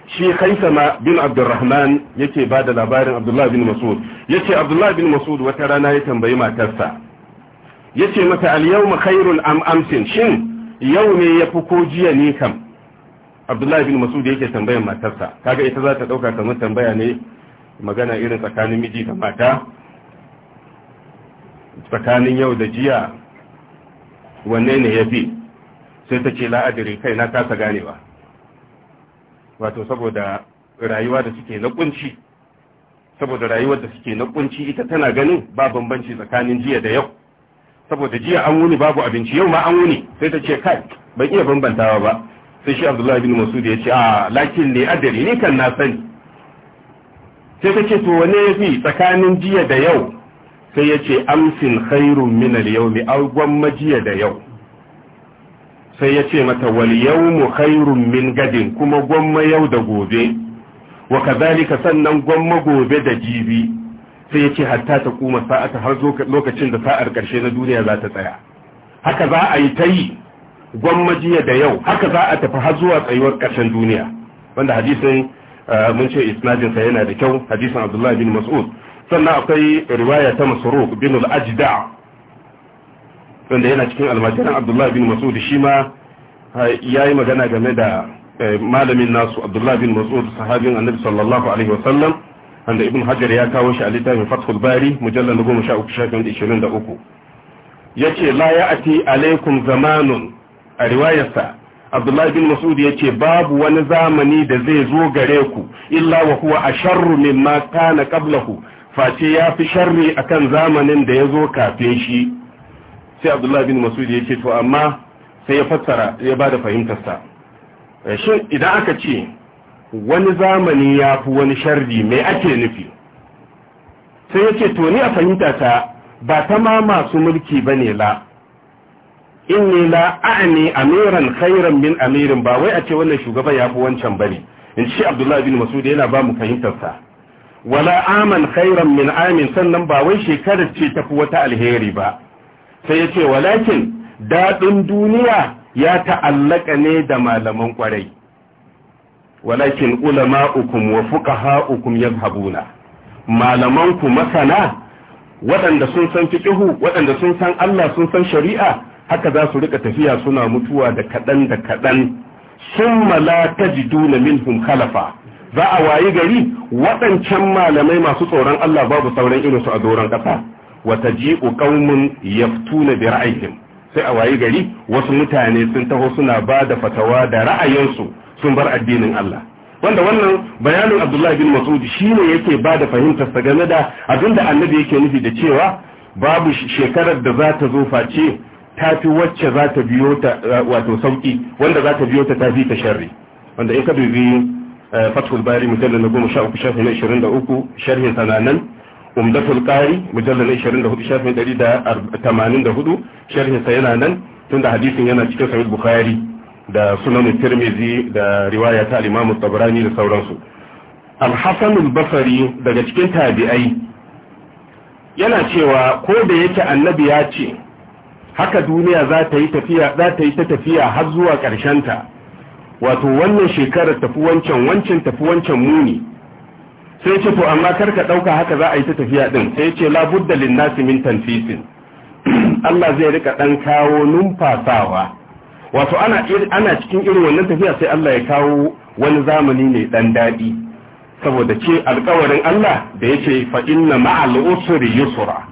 [SPEAKER 1] shi kaisama bin abdurrahman yake ba da labarin abdullahi bin masud yace abdullahi bin masud wata rana ya tambayi matarsa yace mata Aliyau Makairun khairun am shin yau ne fi ko jiya ne kam abdullahi bin masud yake tambayin matarsa kaga ita za ta dauka kamar tambaya ne magana irin tsakanin miji da mata tsakanin yau da jiya wanne ne yafi sai ta ce la'adari kai na kasa ganewa wato saboda rayuwa da suke na kunci saboda rayuwar da suke na kunci ita tana ganin ba bambanci tsakanin jiya da yau saboda jiya an wuni babu abinci yau ma an wuni sai ta ce kai ban iya bambantawa ba sai shi abdullahi bin masud ya ce a lakin ne adari ni kan na sani sai ta ce to wane yafi tsakanin jiya da yau sai ya ce amsin khairun min al-yawmi aw gwamma majiya da yau sai ya ce mata wal yawmu khairun min gadin kuma gwamma yau da gobe wa kazalika sannan gwamma gobe da jibi sai ya ce hatta ta kuma sa'ata har lokacin da sa'ar karshe na duniya za ta tsaya haka za a yi ta yi gwamma jiya da yau haka za a tafi har zuwa tsayuwar karshen duniya wanda hadisin uh, mun ce isnadin sa yana da kyau hadisin Abdullah bin Mas'ud sannan akwai riwaya ta Masruq bin al-Ajda' wanda yana cikin almajiran abdullahi bin masud shi ma ya yi magana game da eh, malamin nasu abdullahi bin masud sahabin annabi sallallahu alaihi wasallam wanda ibn hajar ya kawo shi a littafin fathul bari mujallar goma sha uku shafin ishirin da uku ya ce la ya ati alaikum zamanun a riwayarsa abdullahi bin masud ya ce babu wani zamani da zai zo gare ku illa wa huwa a sharru mimma kana qablahu face ya fi sharri akan zamanin da ya zo kafin shi sai abdullah bin masud ya ce to amma sai ya fassara ya bada fahimtarsa eh, shin idan aka ce wani zamani ya fi wani sharri mai ake nufi sai ya ce to ni a fahimtata ba ta ma masu mulki ba ne la inni la a'ni amiran khairan min amirin ba wai a ce wannan shugaba ya fi wancan bane in ci abdullah bin masud yana ba mu fahimtarsa wala aman khairan min amin sannan ba wai shekarar ce tafi wata alheri ba sai ya ce walakin daɗin duniya ya ta'allaka ne da malaman ƙwarai walakin ulama ukum wa fuqaha'ukum yadhhabuna malaman ku masana waɗanda sun san fiqhu waɗanda sun san Allah sun san shari'a haka za su rika tafiya suna mutuwa da kaɗan da kaɗan summa la tajiduna minhum khalafa za a wayi gari waɗancan malamai masu tsoron Allah babu sauran irinsu a doron ƙasa wa taji'u ya yaftuna bi ra'ayin sai a wayi gari wasu mutane sun taho suna ba da fatawa da ra'ayinsu sun bar addinin Allah wanda wannan bayanin Abdullahi bin Mas'ud ne yake bada da fahimtar sa game da abinda annabi yake nufi da cewa babu shekarar da za ta zo face tafi wacce za ta biyo ta wato sauki wanda za ta biyo ta tafi ta sharri wanda in ka dubi eh, fatul bari mujallal na goma sha uku shafi na ishirin da uku sharhin sananan umdatul qari mujallal 24 shafin 184 sharhin sa yana nan tunda hadisin yana cikin sahih bukhari da sunan tirmizi da riwaya ta al-imam tabarani da sauransu al-hasan al-basri daga cikin tabi'ai yana cewa ko da yake annabi ya ce haka duniya za ta yi tafiya za ta yi ta tafiya har zuwa ƙarshen ta wato wannan shekarar tafi wancan wancan tafi wancan muni sai ce to amma kar ka ɗauka haka za a yi ta tafiya din sai ce lin nasi min tanfisin Allah zai rika ɗan kawo numfasawa wato ana ana cikin irin wannan tafiya sai Allah ya kawo wani zamani ne dan daɗi saboda ce alkawarin Allah da ya ce fa inna ma'al usri yusra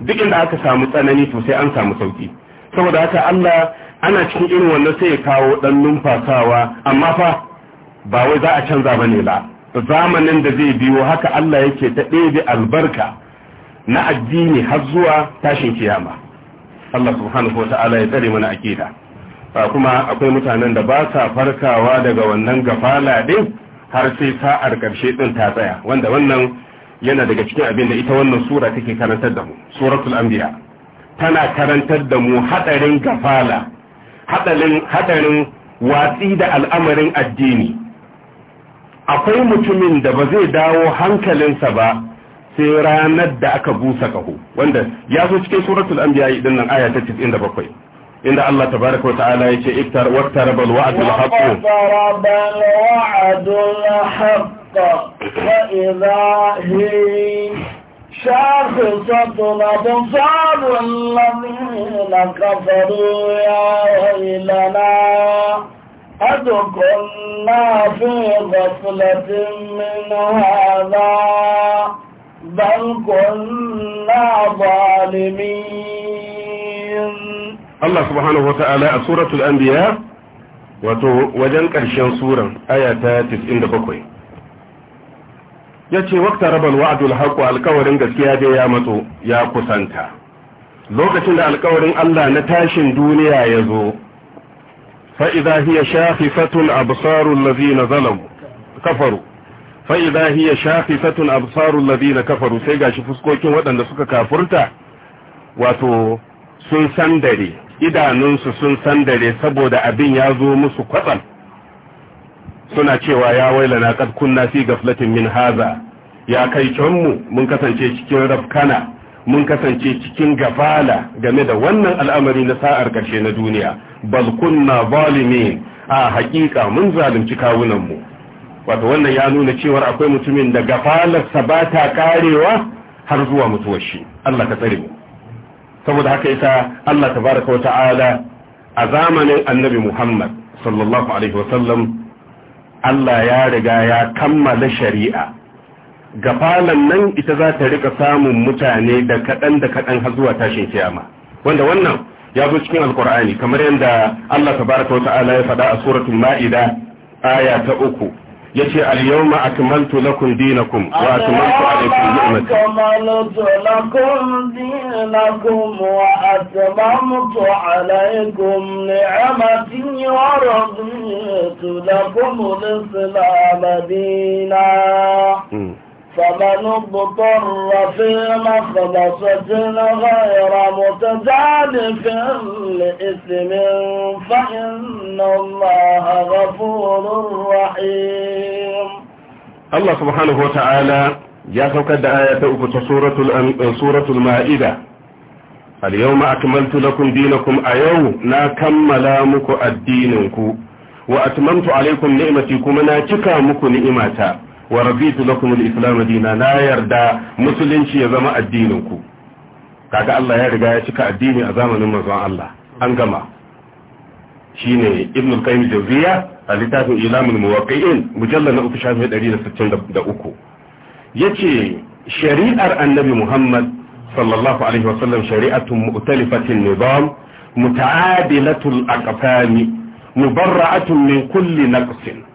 [SPEAKER 1] duk inda aka samu tsanani to sai an samu sauki saboda haka Allah ana cikin irin wannan sai ya kawo ɗan numfasawa amma fa ba wai za a canza bane la zamanin da zai biyo haka Allah yake ta ɗebe albarka na addini har zuwa tashin kiyama Allah subhanahu wata'ala ya tsare mana akida kuma akwai mutanen da ba sa farkawa daga wannan gafala din har sai sa'ar karshe din ta tsaya wanda wannan yana daga cikin abin da ita wannan sura take karantar da mu suratul anbiya tana karantar da mu hadarin gafala hadarin hadarin watsi da al'amarin addini akwai mutumin da ba zai dawo hankalinsa ba sai ranar da aka busa kaho wanda ya zo cikin suratul anbiya din nan aya ta 97 inda Allah tabaraka wa ta'ala yace iftar waqtaraba alwa'du shafin
[SPEAKER 2] waqtaraba alwa'du شاخصة أبصار الذين كفروا يا ويلنا قد كنا في غفلة من هذا بل كنا ظالمين
[SPEAKER 1] الله سبحانه وتعالى سورة الأنبياء wato wajen ƙarshen suran aya ta 97 ya ce wakta rabal wa'adul haƙo alkawarin gaskiya dai ya matso ya kusanta lokacin da alkawarin Allah na tashin duniya ya zo فإذا هي شاخفة الأبصار الذين ظلموا كفروا فإذا هي شاخفة الأبصار الذين كفروا سيغا شفسكوكين ودن سكا كافرتا واتو sun sandare idanunsu sun dare saboda abin ya zo musu kwatsam suna cewa ya waila na kad kunna fi gaflatin min haza ya kai canmu mun kasance cikin rafkana mun kasance cikin gafala game da wannan al'amari na sa'ar ƙarshe na duniya bal kunna zalimin a haƙiƙa mun zalunci kawunanmu wato wannan ya nuna cewar akwai mutumin da gafalarsa ba ta karewa har zuwa mutuwar shi Allah ka tsare mu saboda haka yasa Allah tabaraka wa a zamanin annabi Muhammad sallallahu alaihi wa sallam Allah ya riga ya kammala shari'a gafalan nan ita za ta rika samun mutane da kaɗan da kaɗan har zuwa tashin kiyama wanda wannan ya zo cikin alkur'ani kamar yadda Allah tabaraka wa ta'ala ya faɗa a suratul ma'ida aya ta uku yace al-yawma akmaltu lakum dinakum wa atmamtu alaykum ni'mati
[SPEAKER 2] wa wa raditu lakum فمن اضطر في مخلصة غير متجانف لإثم فإن الله غفور رحيم
[SPEAKER 1] الله سبحانه وتعالى يا سوكد آية أكت سورة, آه، سورة المائدة اليوم أكملت لكم دينكم أيو ناكمل مكو الدينكم وأتممت عليكم نعمتكم كما ناتكا مكو نعمتا wa rabitu lakum al-islam na yarda musulunci ya zama addinin ku kaga Allah ya riga ya cika addini a zamanin manzon Allah an gama shine ibn al-qayyim jawziya a littafin ilamul muwaqqi'in mujallal na 363 yace shari'ar annabi Muhammad sallallahu alaihi wasallam shari'atun mu'talifatin nizam muta'adilatul aqfani mubarra'atun min kulli naqsin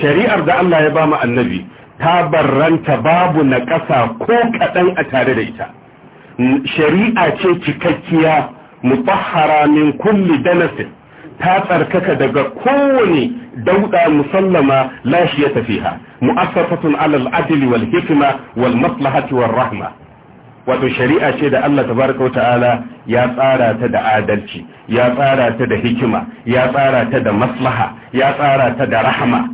[SPEAKER 1] shari'ar da Allah ya ba mu annabi ta barranta babu na ƙasa ko kaɗan a tare da ita shari'a ce cikakkiya mutahhara min kulli danasin ta tsarkaka daga kowane dauda musallama lashi ya tafiha mu'assafatun alal adli wal hikma wal maslahati war rahma wato shari'a ce da Allah tabaraka ta'ala ya tsara ta da adalci ya tsara ta da hikima ya tsara ta da maslaha ya tsara ta da rahma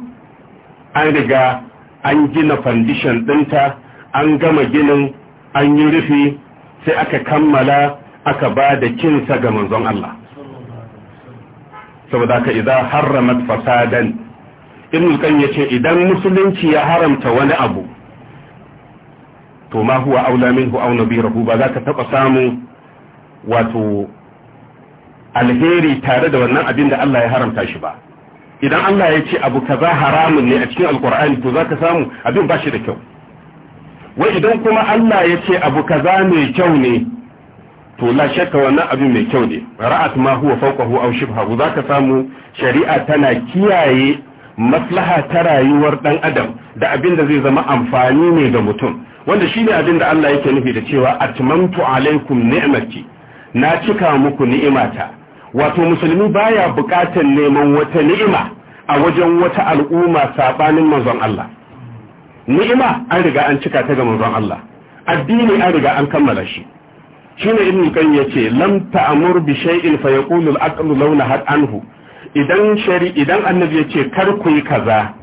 [SPEAKER 1] an riga an gina fandishan ɗinta an gama ginin an yi rufi sai aka kammala aka ba da kinsa ga manzon Allah saboda ka idan haramat fasadan ibn kan yace idan musulunci ya haramta wani abu to ma huwa aula minhu aw nabirahu ba za ka taba samu wato alheri tare da wannan abin da Allah ya haramta shi ba idan Allah ya ce abu kaza haramun ne a cikin alkur'ani to zaka samu abin ba shi da kyau wai idan kuma Allah ya ce abu kaza mai kyau ne to la shakka wannan abin mai kyau ne ra'at ma huwa fawqahu aw shibhahu zaka samu shari'a tana kiyaye maslaha ta rayuwar dan adam da abin da zai zama amfani ne ga mutum wanda shine abin da Allah yake nufi da cewa atmamtu alaikum ni'mati na cika muku ni'imata wato musulmi baya buƙatar neman wata ni'ima a wajen wata al'umma saɓanin manzon Allah ni'ima an riga an cika ta ga manzon Allah addini an riga an kammala shi shine ibn qayyim yace lam ta'mur bi shay'in fa yaqulu al-aqlu law had anhu idan shari idan annabi yace kar ku yi kaza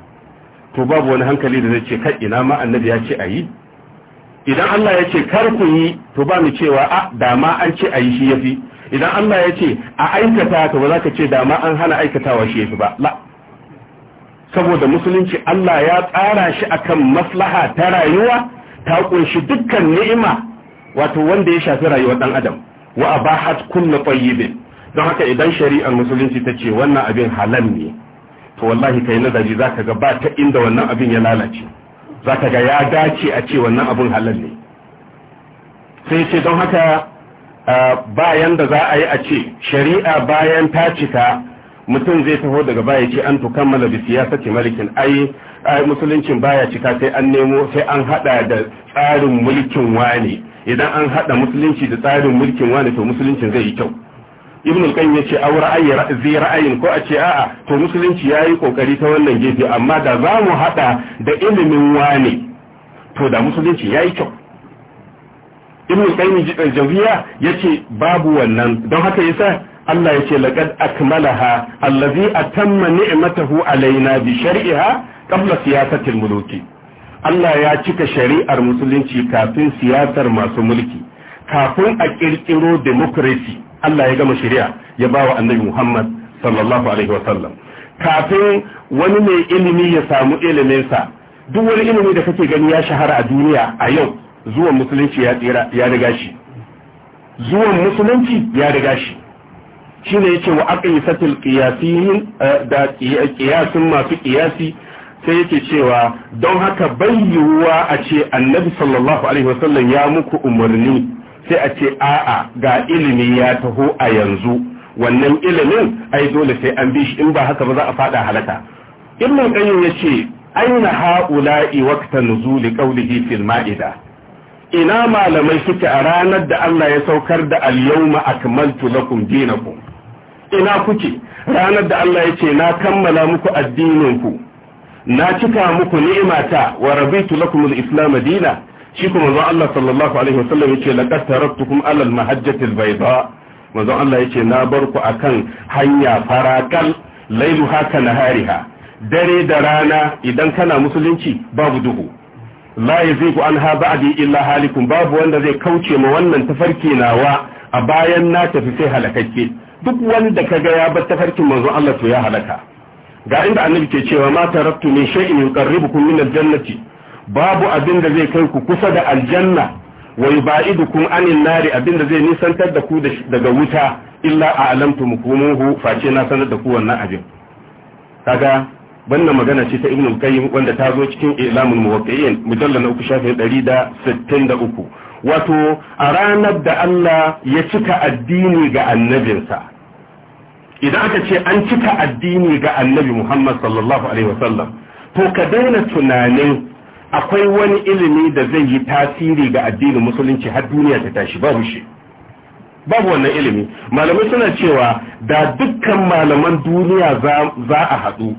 [SPEAKER 1] to babu wani hankali da zai ce kai ina ma annabi ya ce ayi idan Allah ya kar ku yi to ba mu cewa a dama an ce ayi shi yafi idan Allah ya ce a aikata ka ba za ka ce da ma an hana aikatawa shi yafi ba la saboda musulunci Allah ya tsara shi akan maslaha ta rayuwa ta kunshi dukkan ni'ima wato wanda ya shafi rayuwar dan adam wa abahat kullu tayyibin don haka idan shari'ar musulunci ta ce wannan abin halal ne to wallahi kai nazari zaka ga ba ta inda wannan abin ya lalace zaka ga ya dace a ce wannan abin halal ne sai ce don haka bayan da za a yi a ce shari'a bayan ta cika mutum zai taho daga baya ce an tukammala da siyasati malikin ai musuluncin baya cika sai an nemo sai an hada da tsarin mulkin wani idan an hada musulunci da tsarin mulkin wani to musuluncin zai yi kyau ibn al-qayyim yace aw ra'ayi zai ra'ayin ko a ce a'a to musulunci yayi kokari ta wannan gefe amma da za mu hada da ilimin wani to da musulunci yayi kyau ibn qayyim ya yace babu wannan don haka yasa Allah yace laqad akmalaha allazi atamma ni'matahu alaina bi shar'iha qabla siyasati al-muluki Allah ya cika shari'ar musulunci kafin siyasar masu mulki kafin a kirkiro democracy Allah ya gama shari'a ya bawa annabi Muhammad sallallahu alaihi sallam kafin wani mai ilimi ya samu iliminsa duk wani ilimi da kake gani ya shahara a duniya a yau zuwan musulunci ya riga shi zuwan musulunci ya riga shi shi ne ce wa aqisatul qiyasiyin eh, da ƙiyasin masu ƙiyasi sai yake cewa don haka yiwuwa a ce annabi sallallahu alaihi wasallam ya muku umarni sai a ce a'a ga ilimi ya taho a yanzu wannan ilimin ai dole sai an bi shi in ba haka ba za a fada halaka ibn qayyim yace aina haula'i waqta nuzuli qawlihi fil ma'ida ina malamai suke a ranar da Allah ya saukar da al-yawma akmaltu lakum dinakum ina kuke ranar da Allah yace na kammala muku ku na cika muku ni'imata wa rabitu lakum al-islam dina shi kuma manzon Allah sallallahu alaihi wasallam yace laqad taraktukum ala al-mahajjati al-bayda manzon Allah yace na bar ku akan hanya farakal lailuha na nahariha dare da rana idan kana musulunci babu duhu la yaziku an ha ba'di illa halikun babu wanda zai kauce ma wannan tafarki nawa a bayan na tafi sai halakakke duk wanda ka kaga ya bar tafarkin manzon Allah to ya halaka ga inda annabi ke cewa ma taraktu min shay'in yuqarribukum min al-jannati babu abin da zai kai ku kusa da aljanna wa yubaidukum anin nari abin da zai nisantar da ku daga wuta illa a a'lamtumuhu face na sanar da ku wannan abin kaga banna magana ce ta ibn qayyim wanda ta zo cikin ilamul muwaqqi'in mujallal na uku shafin 163 wato a ranar da Allah ya cika addini ga annabinsa idan aka ce an cika addini ga annabi Muhammad sallallahu alaihi wasallam to ka daina tunanin akwai wani ilimi da zai yi tasiri ga addinin musulunci har duniya ta tashi babu shi babu wannan ilimi malamai suna cewa da dukkan malaman duniya za a haɗu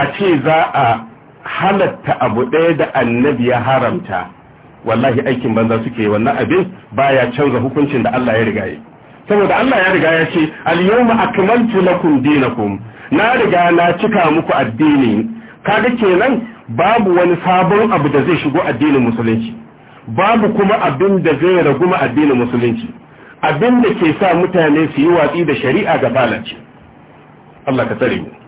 [SPEAKER 1] a ce za a halatta abu ɗaya da annabi ya haramta wallahi aikin banza suke wannan abin baya canza hukuncin da Allah ya riga yi saboda Allah ya riga ya ce al-yawma akmaltu lakum dinakum na riga na cika muku addini kaga kenan babu wani sabon abu da zai shigo addinin musulunci babu kuma abin da zai ragu ma addinin musulunci abin da ke sa mutane su yi watsi da shari'a ga balance Allah ka tsare mu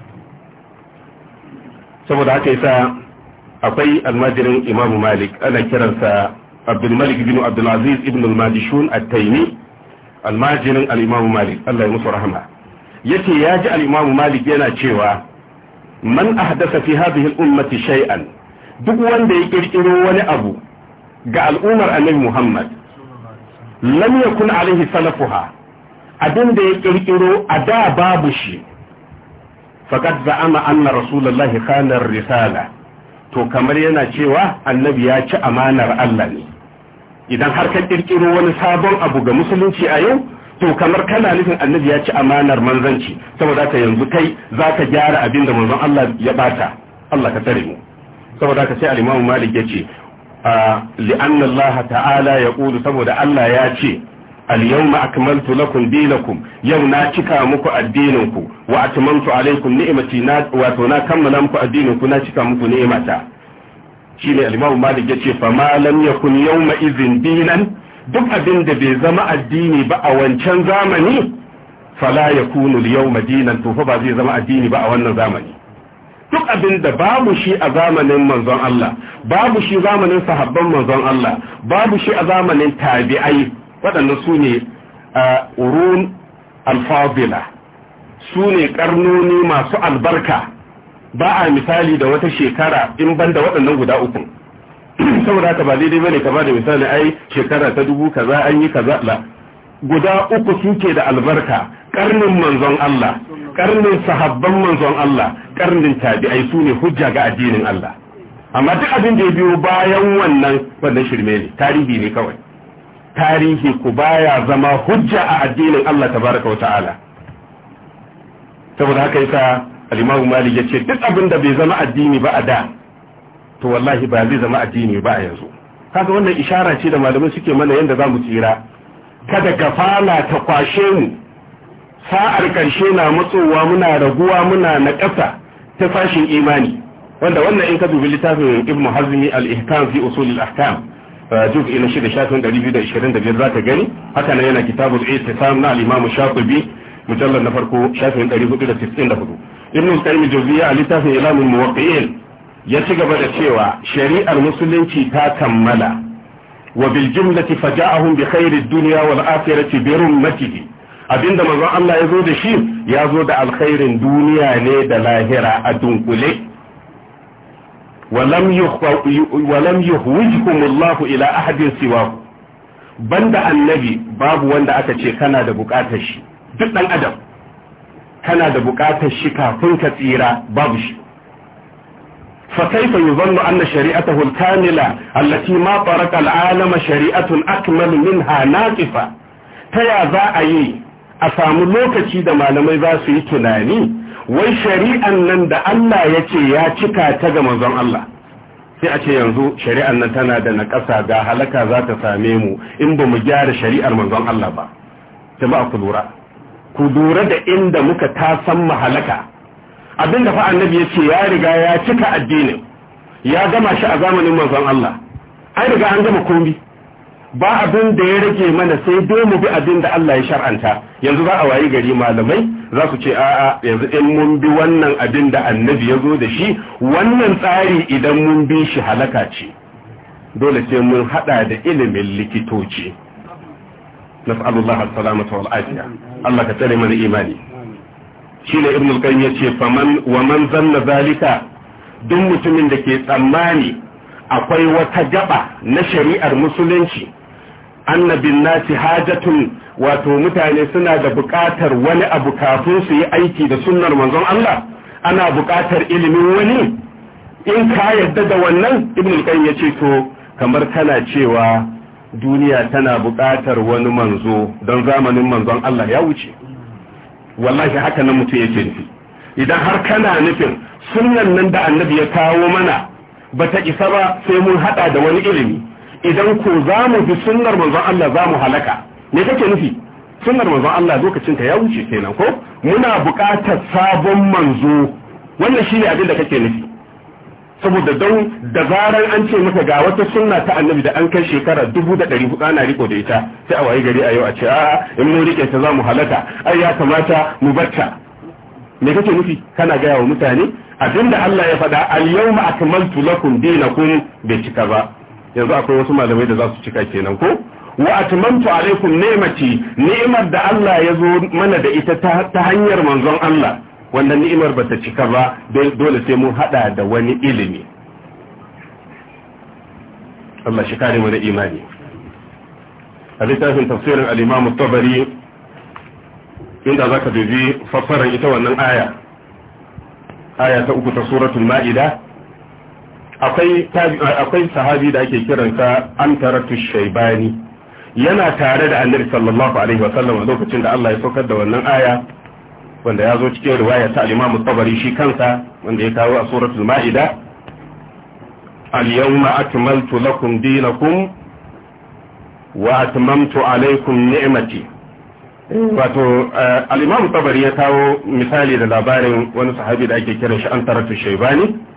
[SPEAKER 1] saboda haka yasa akwai almajirin imamu malik ana kiransa abdul malik bin abdul aziz ibn al-madishun at-taymi almajirin al-imamu malik Allah ya musu rahama yace ya ji al-imamu malik yana cewa man ahdasa fi hadhihi al-ummati shay'an duk wanda ya kirkiro wani abu ga al'ummar annabi Muhammad lam yakun alaihi salafuha abin da ya kirkiro a da babu shi faqad za'ama anna rasulullahi khana risala to kamar yana cewa annabi ya ci amanar Allah ne idan har ka kirkiro wani sabon abu ga musulunci a yau to kamar kana nufin annabi ya ci amanar manzanci saboda ka yanzu kai zaka gyara abin da manzon Allah ya bata Allah ka tare mu saboda ka sai al-Imam Malik yace ah, li'anna Allah ta'ala yaqulu saboda Allah ya ce al-yawma akmaltu lakum dinakum yau na cika muku addininku wa atmamtu alaykum ni'mati na na kammala muku addininku na cika muku ni'mata shine al-imam malik yace fa ma lam yakun yawma idhin dinan duk abin da bai zama addini ba a wancan zamani fala yakunu al-yawma dinan to ba zai zama addini ba a wannan zamani duk abin da babu shi a zamanin manzon Allah babu shi zamanin sahabban manzon Allah babu shi a zamanin tabi'ai waɗanda su ne urun alfabila su ne ƙarnoni masu albarka ba a misali da wata shekara in banda waɗannan guda uku saboda haka ba daidai bane kama da misali ai shekara ta dubu kaza an yi kaza la guda uku suke da albarka karnin manzon Allah karnin sahabban manzon Allah karnin tabi'ai su ne hujja ga addinin Allah amma duk abin da ya biyo bayan wannan wannan shirme ne tarihi ne kawai tarihi ku baya zama hujja a addinin Allah tabaraka wa ta'ala saboda haka yasa al-Imam Malik yace duk abin da bai zama addini ba a da to wallahi ba zai zama addini ba a yanzu kaga wannan ishara ce da malamai suke mana yanda zamu tsira kada gafala ta kwashe mu sa'ar karshe na matsowa muna raguwa muna na ƙasa ta fashin imani wanda wannan in ka dubi littafin Ibn Hazmi al-Ihkam fi usul al-ahkam juz ila shida shafin 225 za ka gani haka nan yana kitabul i'tisam na al-imam shafi'i mujallal na farko shafin 494 ibn qayyim jawziya a littafin ilamul muwaqqi'in ya ci gaba da cewa shari'ar musulunci ta kammala wa bil jumlati faja'ahum bi khairid dunya wal akhirati bi rummatihi abinda manzon Allah ya zo da shi ya zo da alkhairin duniya ne da lahira a dunkule walam yuhwijkum Allahu ila ahadin siwahu banda annabi babu wanda aka ce kana da bukatar shi duk dan adam kana da bukatar shi kafin ka tsira babu shi fa kaifa yuzannu anna shari'atahu al-kamila allati ma taraka al-alama shari'atun akmal minha naqifa ta ya za a yi a samu lokaci da malamai za su yi tunani wai shari'an nan da Allah ya ce ya cika ta ga manzon Allah sai a ce yanzu shari'an nan tana da naƙasa ga halaka za ta same mu in ba mu gyara shari'ar manzon Allah ba jama'a ku lura ku lura da inda muka ta san mu Abin da fa annabi ya ce ya riga ya cika addinin ya gama shi a zamanin manzon Allah ai riga an gama komai ba abin da ya rage mana sai dai mu bi abin da Allah ya shar'anta yanzu za a wayi gari malamai za su ce a'a yanzu in mun bi wannan abin da annabi ya zo da shi wannan tsari idan mun bi shi halaka ce dole sai mun hada da ilimin likitoci Na nas'alullah as-salamata wal afiya Allah ka tsare mana imani shine ibn al-qayyim ya ce wa man zanna zalika duk mutumin da ke tsammani akwai wata gaba na shari'ar musulunci annabin nasi hajatun wato mutane suna da buƙatar wani abu kafin su yi aiki da sunnar manzon Allah ana buƙatar ilimin wani in ka yadda da wannan ibn al ya ce to kamar kana cewa duniya tana buƙatar wani manzo don zamanin manzon Allah ya wuce wallahi haka nan mutum yake nufi idan har kana nufin sunnan nan da annabi ya kawo mana bata isa ba sai mun hada da wani ilimi idan ko za mu bi sunnar manzon Allah za mu halaka me kake nufi sunnar manzon Allah lokacin ta ya wuce kenan ko muna buƙatar sabon manzo wannan shine abin da kake nufi saboda don da zarar an ce maka ga wata sunna ta annabi da an kai shekara dubu da ɗari hudu ana riko da ita sai a waye gari a yau a ce a'a in mun rike ta za mu halaka ai ya kamata mu barta me kake nufi kana gaya wa mutane abinda Allah ya faɗa al yawma akmaltu lakum dinakum bai cika ba yanzu akwai wasu malamai da za su cika kenan ko wa atmamtu alaikum ni'mati ni'mar da Allah ya zo mana da ita ta hanyar manzon Allah wannan ba bata cika ba dole sai mun hada da wani ilimi Allah shi kare mu da imani a littafin tafsirin al-Imam tabari inda zaka dubi fassarar ita wannan aya aya ta uku ta suratul Ma'ida akwai sahabi da ake kiransa antaratu shaybani yana tare da annabi sallallahu alaihi wasallam a lokacin da Allah ya saukar da wannan aya wanda ya zo cikin riwaya ta al-Imam tabari shi kansa wanda ya kawo a suratul Ma'ida al-yawma akmaltu lakum dinakum wa atmamtu alaykum ni'mati wato eh, al-Imam tabari ya kawo misali da labarin wani sahabi da ake kiran shi an Antaratu Shaybani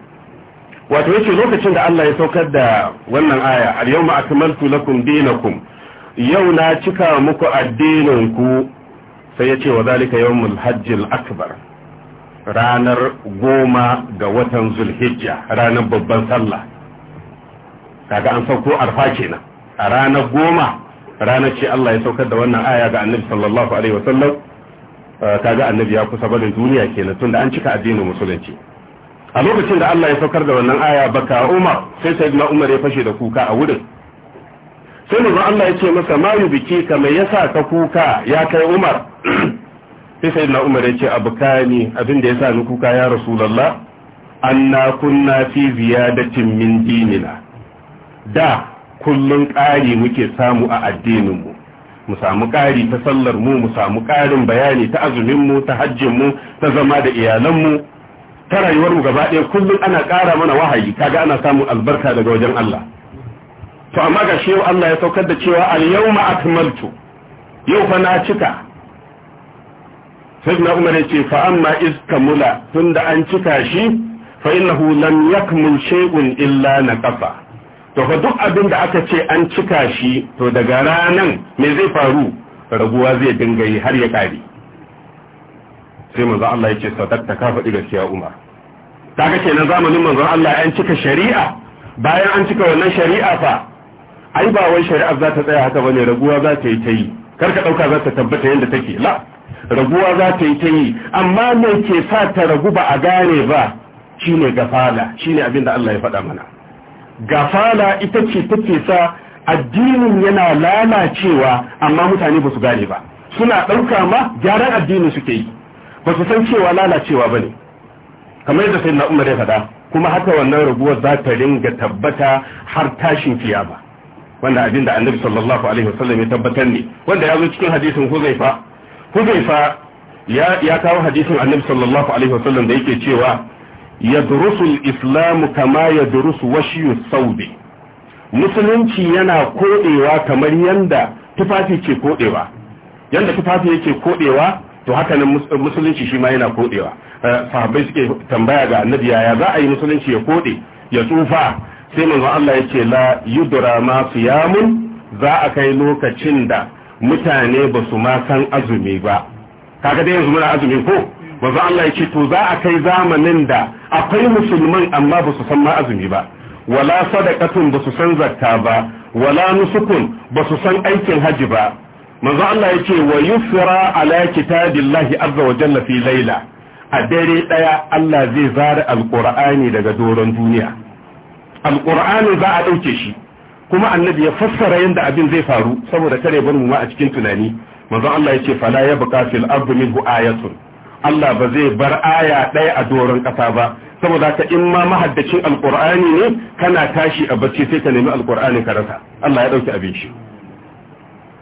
[SPEAKER 1] wato yace lokacin da Allah ya saukar da wannan aya al-yawma akmaltu lakum dinakum yau na cika muku addinin ku sai ce wa zalika yawmul hajjil akbar ranar goma ga watan zulhijja ranar babban sallah kaga an sauko arfa kenan a ranar goma ranar ce Allah ya saukar da wannan aya ga annabi sallallahu alaihi wasallam eh, kaga annabi ya kusa barin duniya kenan tunda an cika addinin musulunci a lokacin da Allah ya saukar da wannan aya baka Umar sai sayyidina Umar ya fashe da kuka a wurin sai manzon Allah ya ce masa ma biki ka me yasa ka kuka ya kai Umar sai sayyidina Umar ya ce abukani abin da yasa ni kuka ya Rasulullah anna kunna fi ziyadatin min dinina da kullun ƙari muke samu a addinin mu mu samu ƙari ta sallar mu mu samu ƙarin bayani ta azumin mu ta hajjin mu ta zama da iyalan mu ta rayuwar mu gaba ɗaya kullum ana ƙara mana wahayi kaga ana samun albarka daga wajen Allah to amma ga shi Allah ya saukar da cewa al yawma akmaltu yau fa na cika na Umar yace fa amma iz kamula tunda an cika shi fa innahu lam yakmul shay'un illa naqafa to fa duk abin da aka ce an cika shi to daga ranan me zai faru raguwa zai dinga yi har ya kare sai manzo Allah ya ce sadaqta ka faɗi gaskiya Umar kaga kenan zamanin manzo Allah an cika shari'a bayan an cika wannan shari'a fa ai ba wai shari'a za ta tsaya haka bane raguwa za ta yi ta yi kar ka dauka za ta tabbata yadda take la raguwa za ta yi ta yi amma me ke sa ta ragu ba a gane ba shine gafala shine abin da Allah ya faɗa mana gafala ita ce take sa addinin yana lalacewa amma mutane ba su gane ba suna ɗauka ma gyaran addini suke yi ba su san cewa lalacewa ba ne kamar yadda sai na umar ya faɗa kuma haka wannan raguwar za ta ringa tabbata har tashin kiyama wanda abin da annabi sallallahu alaihi wasallam ya tabbatar ne wanda ya zo cikin hadisin huzaifa huzaifa ya ya kawo hadisin annabi sallallahu alaihi wasallam da yake cewa yadurusul islam kama yadrusu washiyu saudi musulunci yana kodewa kamar yanda tufafi ke kodewa yanda tufafi yake kodewa to haka nan musulunci shi ma yana kodewa eh, sahabbai suke tambaya ga annabi yaya za a yi musulunci ya kode ya tsufa sai manzon Allah yake la yudra ma siyamun za a kai lokacin da mutane ba su ma san azumi ba kaga dai yanzu muna azumi ko manzon Allah yake to za a kai zamanin da akwai musulman amma ba su san ma azumi ba wala sadaqatun ba su san zakka ba wala nusukun ba su san aikin haji ba manzo Allah yace wa yusra ala kitabillahi azza wa jalla fi laila a dare daya Allah zai zara alqur'ani daga doron duniya alqur'ani za a dauke shi kuma annabi ya fassara yadda abin zai faru saboda kare bar mu ma a cikin tunani manzo Allah ce fala yabqa fil ardi minhu ayatun Allah ba zai bar aya ɗaya a doron ƙasa ba saboda ka in ma mahaddacin alqur'ani ne kana tashi a bacci sai ka nemi alqur'ani ka rasa Allah ya dauki abin shi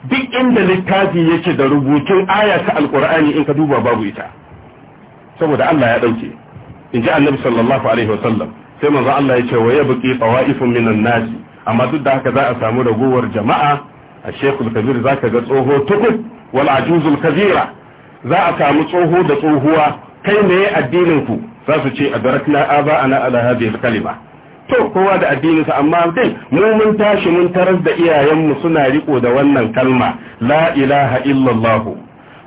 [SPEAKER 1] duk inda littafi yake da rubutun aya ta alkur'ani in ka duba babu ita saboda Allah ya dauke in ji annabi sallallahu alaihi sai manzo Allah ya ce wa yabqi tawaifun minan nas amma duk da haka za a samu ragowar jama'a a shekul kabir zaka ga tsoho tuku wal ajuzul kabira za a samu tsoho da tsohuwa kai ne addinin ku za su ce a aba ana ala hadhihi kalima to kowa da addininsa amma din mu mun tashi mun tarar da iyayenmu suna riko da wannan kalma la ilaha illallah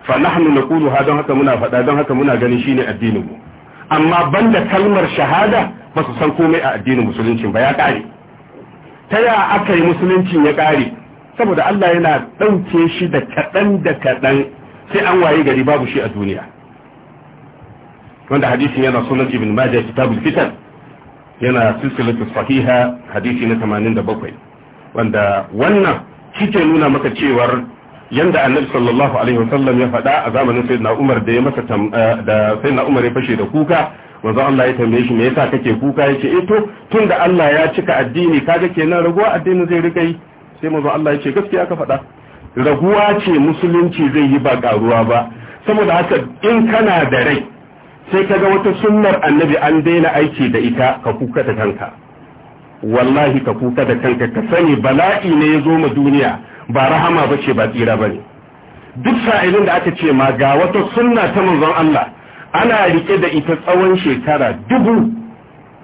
[SPEAKER 1] fa nahnu naqulu ha don haka muna faɗa don haka muna ganin shine addinin mu amma banda kalmar shahada ba su san komai a addinin musulunci ba ya kare ta ya aka yi musulunci ya kare saboda Allah yana ɗauke shi da kaɗan da kaɗan sai an waye gari babu shi a duniya wanda hadisin yana sunan ibn majah kitabul fitan yana silsilatu sahiha hadisi na 87 wanda wannan kike nuna maka cewar yanda annabi sallallahu alaihi wasallam ya faɗa a zamanin sayyidina Umar da ya masa eh, da sayyidina Umar ya fashe da kuka manzo Allah ya tambaye shi me yasa kake kuka yace eh to tunda Allah ya cika addini kaga kenan raguwa addini zai rika yi sai manzo Allah ya ce gaskiya ka faɗa raguwa ce musulunci zai yi ba karuwa ba saboda haka in kana da rai sai kaga wata sunnar annabi an daina aiki da ita ka kuka da kanka wallahi ka kuka da kanka ka sani bala'i ne ya zo ma duniya ba rahama ba ce ba tsira ba ne duk sa'ilin da aka ce ma ga wata sunna ta manzon Allah ana rike da ita tsawon shekara dubu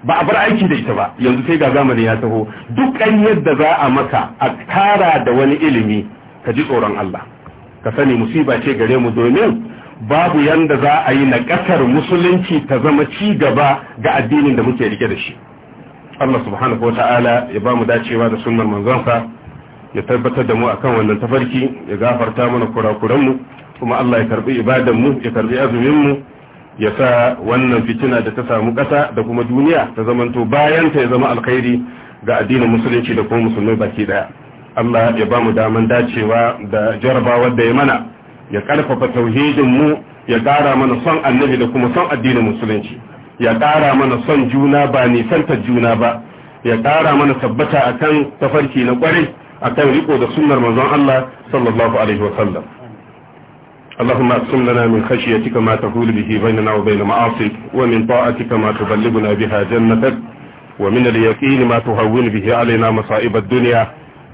[SPEAKER 1] ba a bar aiki da ita ba yanzu sai ga zamani ya taho duk ƙaryar yadda za a maka a kara da wani ilimi ka ji tsoron Allah ka sani musiba ce gare mu domin babu yanda za a yi na ƙasar musulunci ta zama ci gaba ga addinin da muke rike da shi Allah subhanahu wa ta'ala ya ba mu dacewa da sunnar manzonsa ya tabbatar da mu akan wannan tafarki ya gafarta mana kurakuran mu. kuma Allah ya karbi mu ya karbi mu ya sa wannan fitina da ta samu ƙasa da kuma duniya ta zamanto bayan ta ya zama alkhairi ga addinin musulunci da kuma musulmai baki daya Allah ya ba mu daman dacewa da jarabawar da ya mana ya karfafa tauhidin mu ya ƙara mana son annabi da kuma son addinin musulunci ya ƙara mana son juna ba nisanta juna ba ya ƙara mana tabbata akan tafarki na kwarai akan riko da sunnar manzon Allah sallallahu alaihi wa wasallam اللهم اقسم لنا من خشيتك ما تحول به بيننا وبين معاصيك ومن طاعتك ما تبلغنا بها جنتك ومن اليقين ما تهون به علينا مصائب الدنيا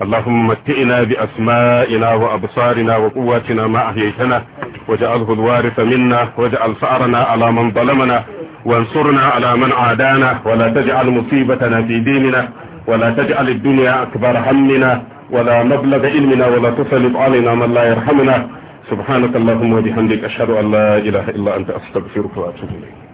[SPEAKER 1] اللهم متئنا بأسمائنا وأبصارنا وقواتنا ما أحييتنا وجعله الوارث منا وجعل ثأرنا على من ظلمنا وانصرنا على من عادانا ولا تجعل مصيبتنا في ديننا ولا تجعل الدنيا أكبر همنا ولا مبلغ علمنا ولا تسلط علينا من لا يرحمنا سبحانك اللهم وبحمدك أشهد أن لا إله إلا أنت أستغفرك وأتوب إليك